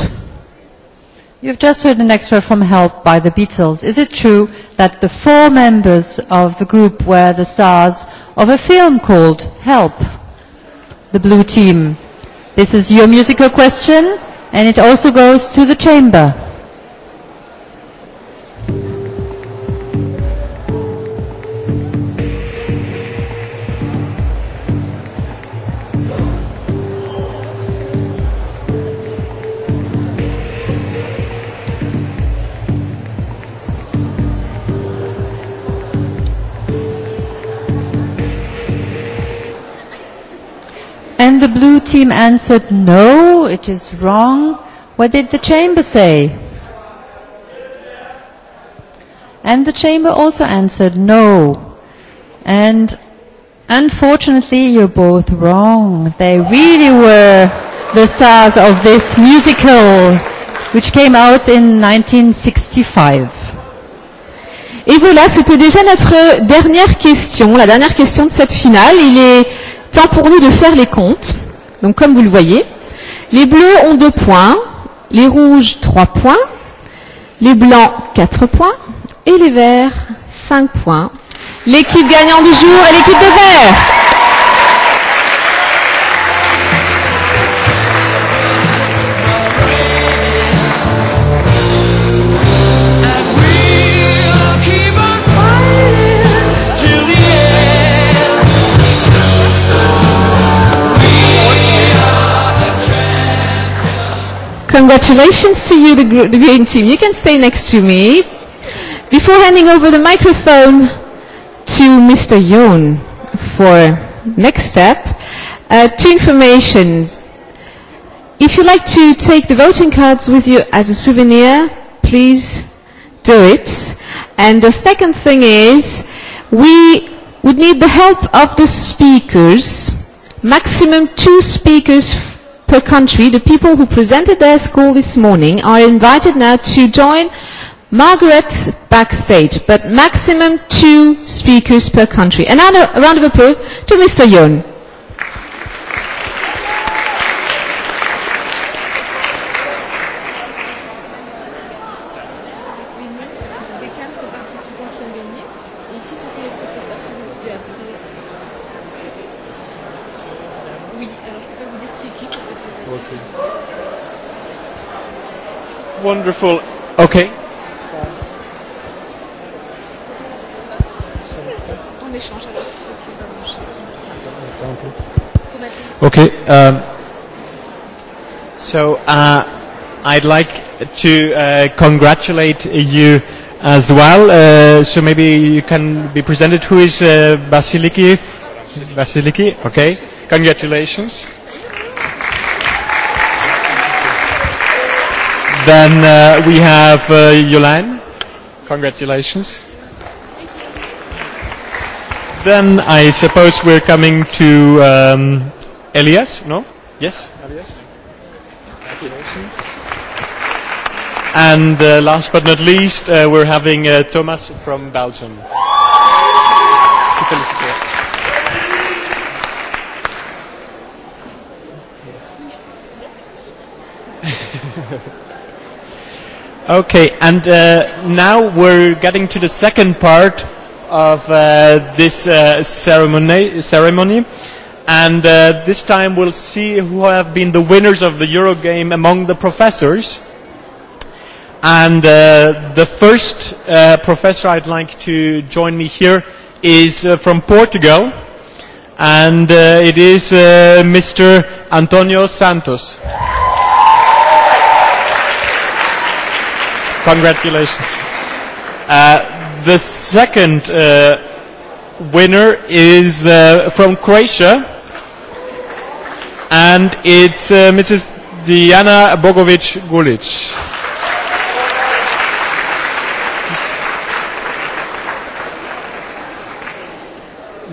S13: You've just heard an extra from Help by the Beatles. Is it true that the four members of the group were the stars of a film called Help? The Blue Team. This is your musical question and it also goes to the chamber. blue team answered no, it is wrong. What did the chamber say? And the chamber also answered no. And unfortunately, you're both wrong. They really were the stars of this musical, which came out in 1965.
S2: Et voilà, c'était déjà notre dernière question, la dernière question de cette finale. Il est temps pour nous de faire les comptes. Donc comme vous le voyez, les bleus ont deux points, les rouges 3 points, les blancs 4 points et les verts 5 points. L'équipe gagnante du jour est l'équipe de verts. Congratulations to you, the, the green team. You can stay next to me. Before handing over the microphone to Mr. Yoon for next step, uh, two informations. If you like to take the voting cards with you as a souvenir, please do it. And the second thing is, we would need the help of the speakers, maximum two speakers per country, the people who presented their school this morning are invited now to join Margaret backstage, but maximum two speakers per country. Another round of applause to Mr. Yoon.
S1: wonderful. Okay. Okay. Um, so uh, I'd like to uh, congratulate you as well. Uh, so maybe you can be presented. Who is uh, Basiliki? Basiliki. Okay. Congratulations. Then we have Yolaine. Congratulations. Then I suppose we're coming to Elias, no? Yes, Elias. Congratulations. And last but not least, we're having Thomas from Belgium. To felicitate. Okay, and now we're getting to the second part of this ceremony, ceremony, and this time we'll see who have been the winners of the Eurogame among the professors. And the first professor I'd like to join me here is from Portugal, and it is Mr. Antonio Santos. Congratulations. Uh, the second winner is from Croatia, and it's uh, Mrs. Diana Bogovic Gulic.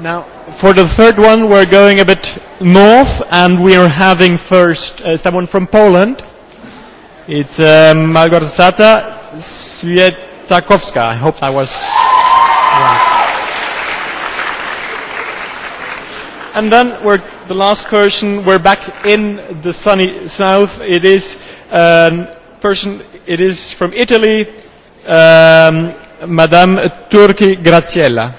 S1: Now, for the third one, we're going a bit north, and we are having first uh, someone from Poland. It's uh, Malgorzata Svietakovska. I hope I was right. And then we're the last person. We're back in the sunny south. It is a person. It is from Italy, um, Madame Turki Graziella.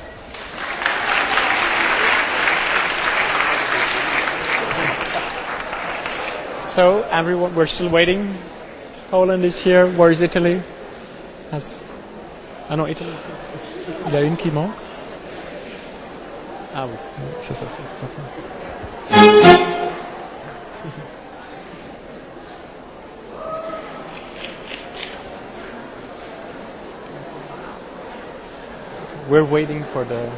S1: So everyone, we're still waiting. Poland is here. Where is Italy? Has... Ah non, étonné. Il y a une qui manque. Ah oui, c'est ça, c'est ça. à We're waiting for the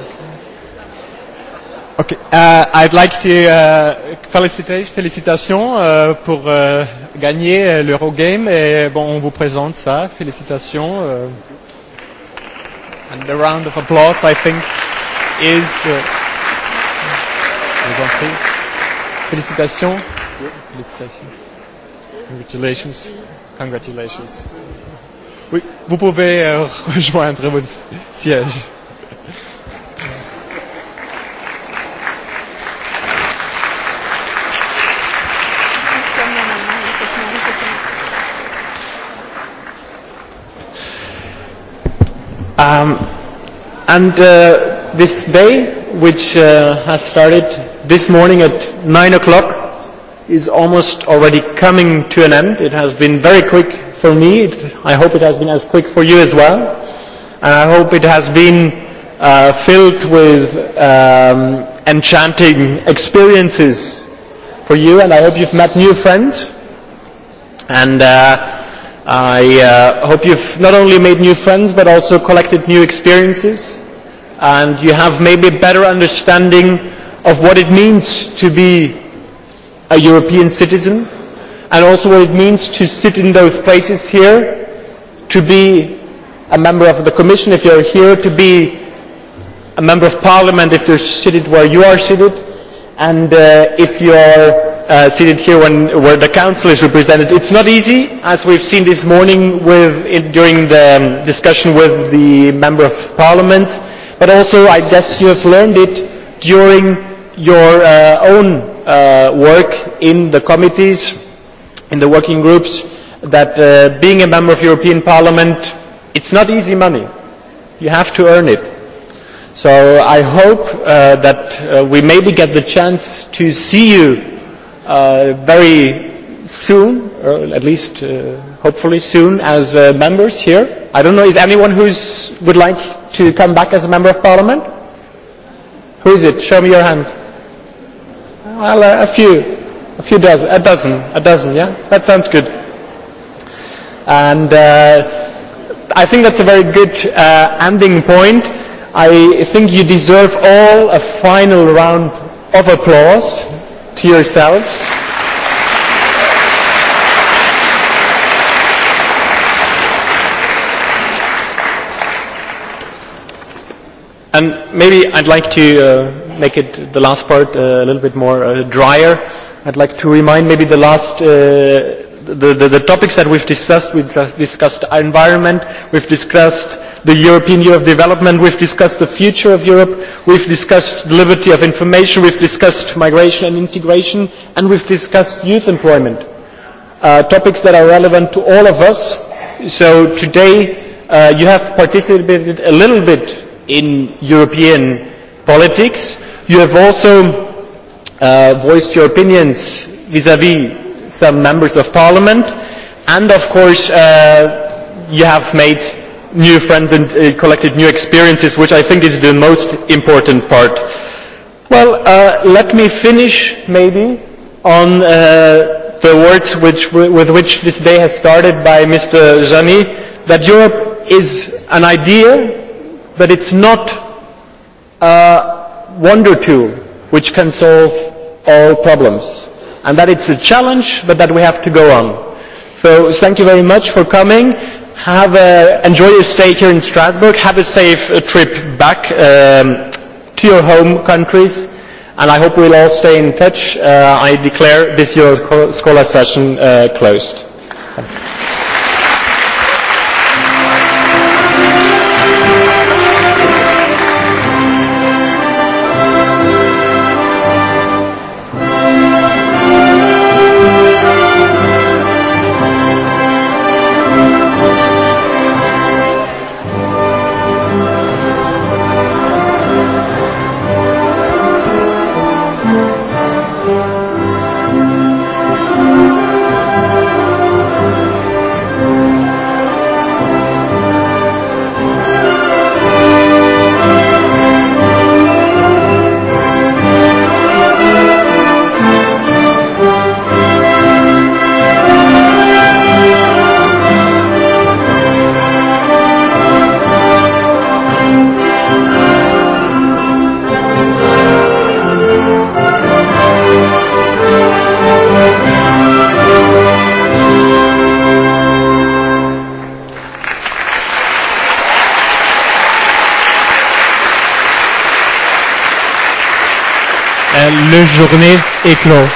S1: Okay. Okay. Uh, I'd like to uh, felicitate, félicitations uh, pour uh, gagner l'Eurogame et bon, on vous présente ça. Félicitations. Uh, and a round of applause, I think, is. Uh, félicitations. Félicitations. Congratulations. Congratulations. Oui, vous pouvez uh, rejoindre vos sièges. And this day, which has started this morning at nine o'clock, is almost already coming to an end. It has been very quick for me. I hope it has been as quick for you as well. And I hope it has been filled with enchanting experiences for you. And I hope you've met new friends. And I hope you've not only made new friends but also collected new experiences and you have maybe a better understanding of what it means to be a European citizen and also what it means to sit in those places here, to be a member of the Commission if you're here, to be a member of Parliament if you're seated where you are seated, and if you're seated here where the council is represented. It's not easy, as we've seen this morning with during the discussion with the Member of Parliament, but also I guess you have learned it during your own work in the committees, in the working groups, that being a Member of European Parliament, it's not easy money. You have to earn it. So I hope that we maybe get the chance to see you very soon, or at least hopefully soon, as members here. I don't know, is anyone who would like to come back as a member of parliament? Who is it? Show me your hands. Well, a few, a few dozen, a dozen, a dozen, yeah? That sounds good. And I think that's a very good ending point. I think you deserve all a final round of applause to yourselves. And maybe I'd like to make it the last part a little bit more drier. I'd like to remind maybe the last the, the, topics that we've discussed, we've discussed our environment, we've discussed the European Year of Development, we've discussed the future of Europe, we've discussed liberty of information, we've discussed migration and integration, and we've discussed youth employment, topics that are relevant to all of us. So today you have participated a little bit in European politics. You have also voiced your opinions vis-à-vis some members of parliament and of course you have made new friends and collected new experiences which I think is the most important part. Well, let me finish maybe on the words which, with which this day has started by Mr. Jani, that Europe is an idea, but it's not a wonder tool which can solve all problems and that it's a challenge, but that we have to go on. So thank you very much for coming. Have a, enjoy your stay here in Strasbourg. Have a safe trip back to your home countries. And I hope we'll all stay in touch. I declare this year's Scholar session closed.
S7: journée est clos.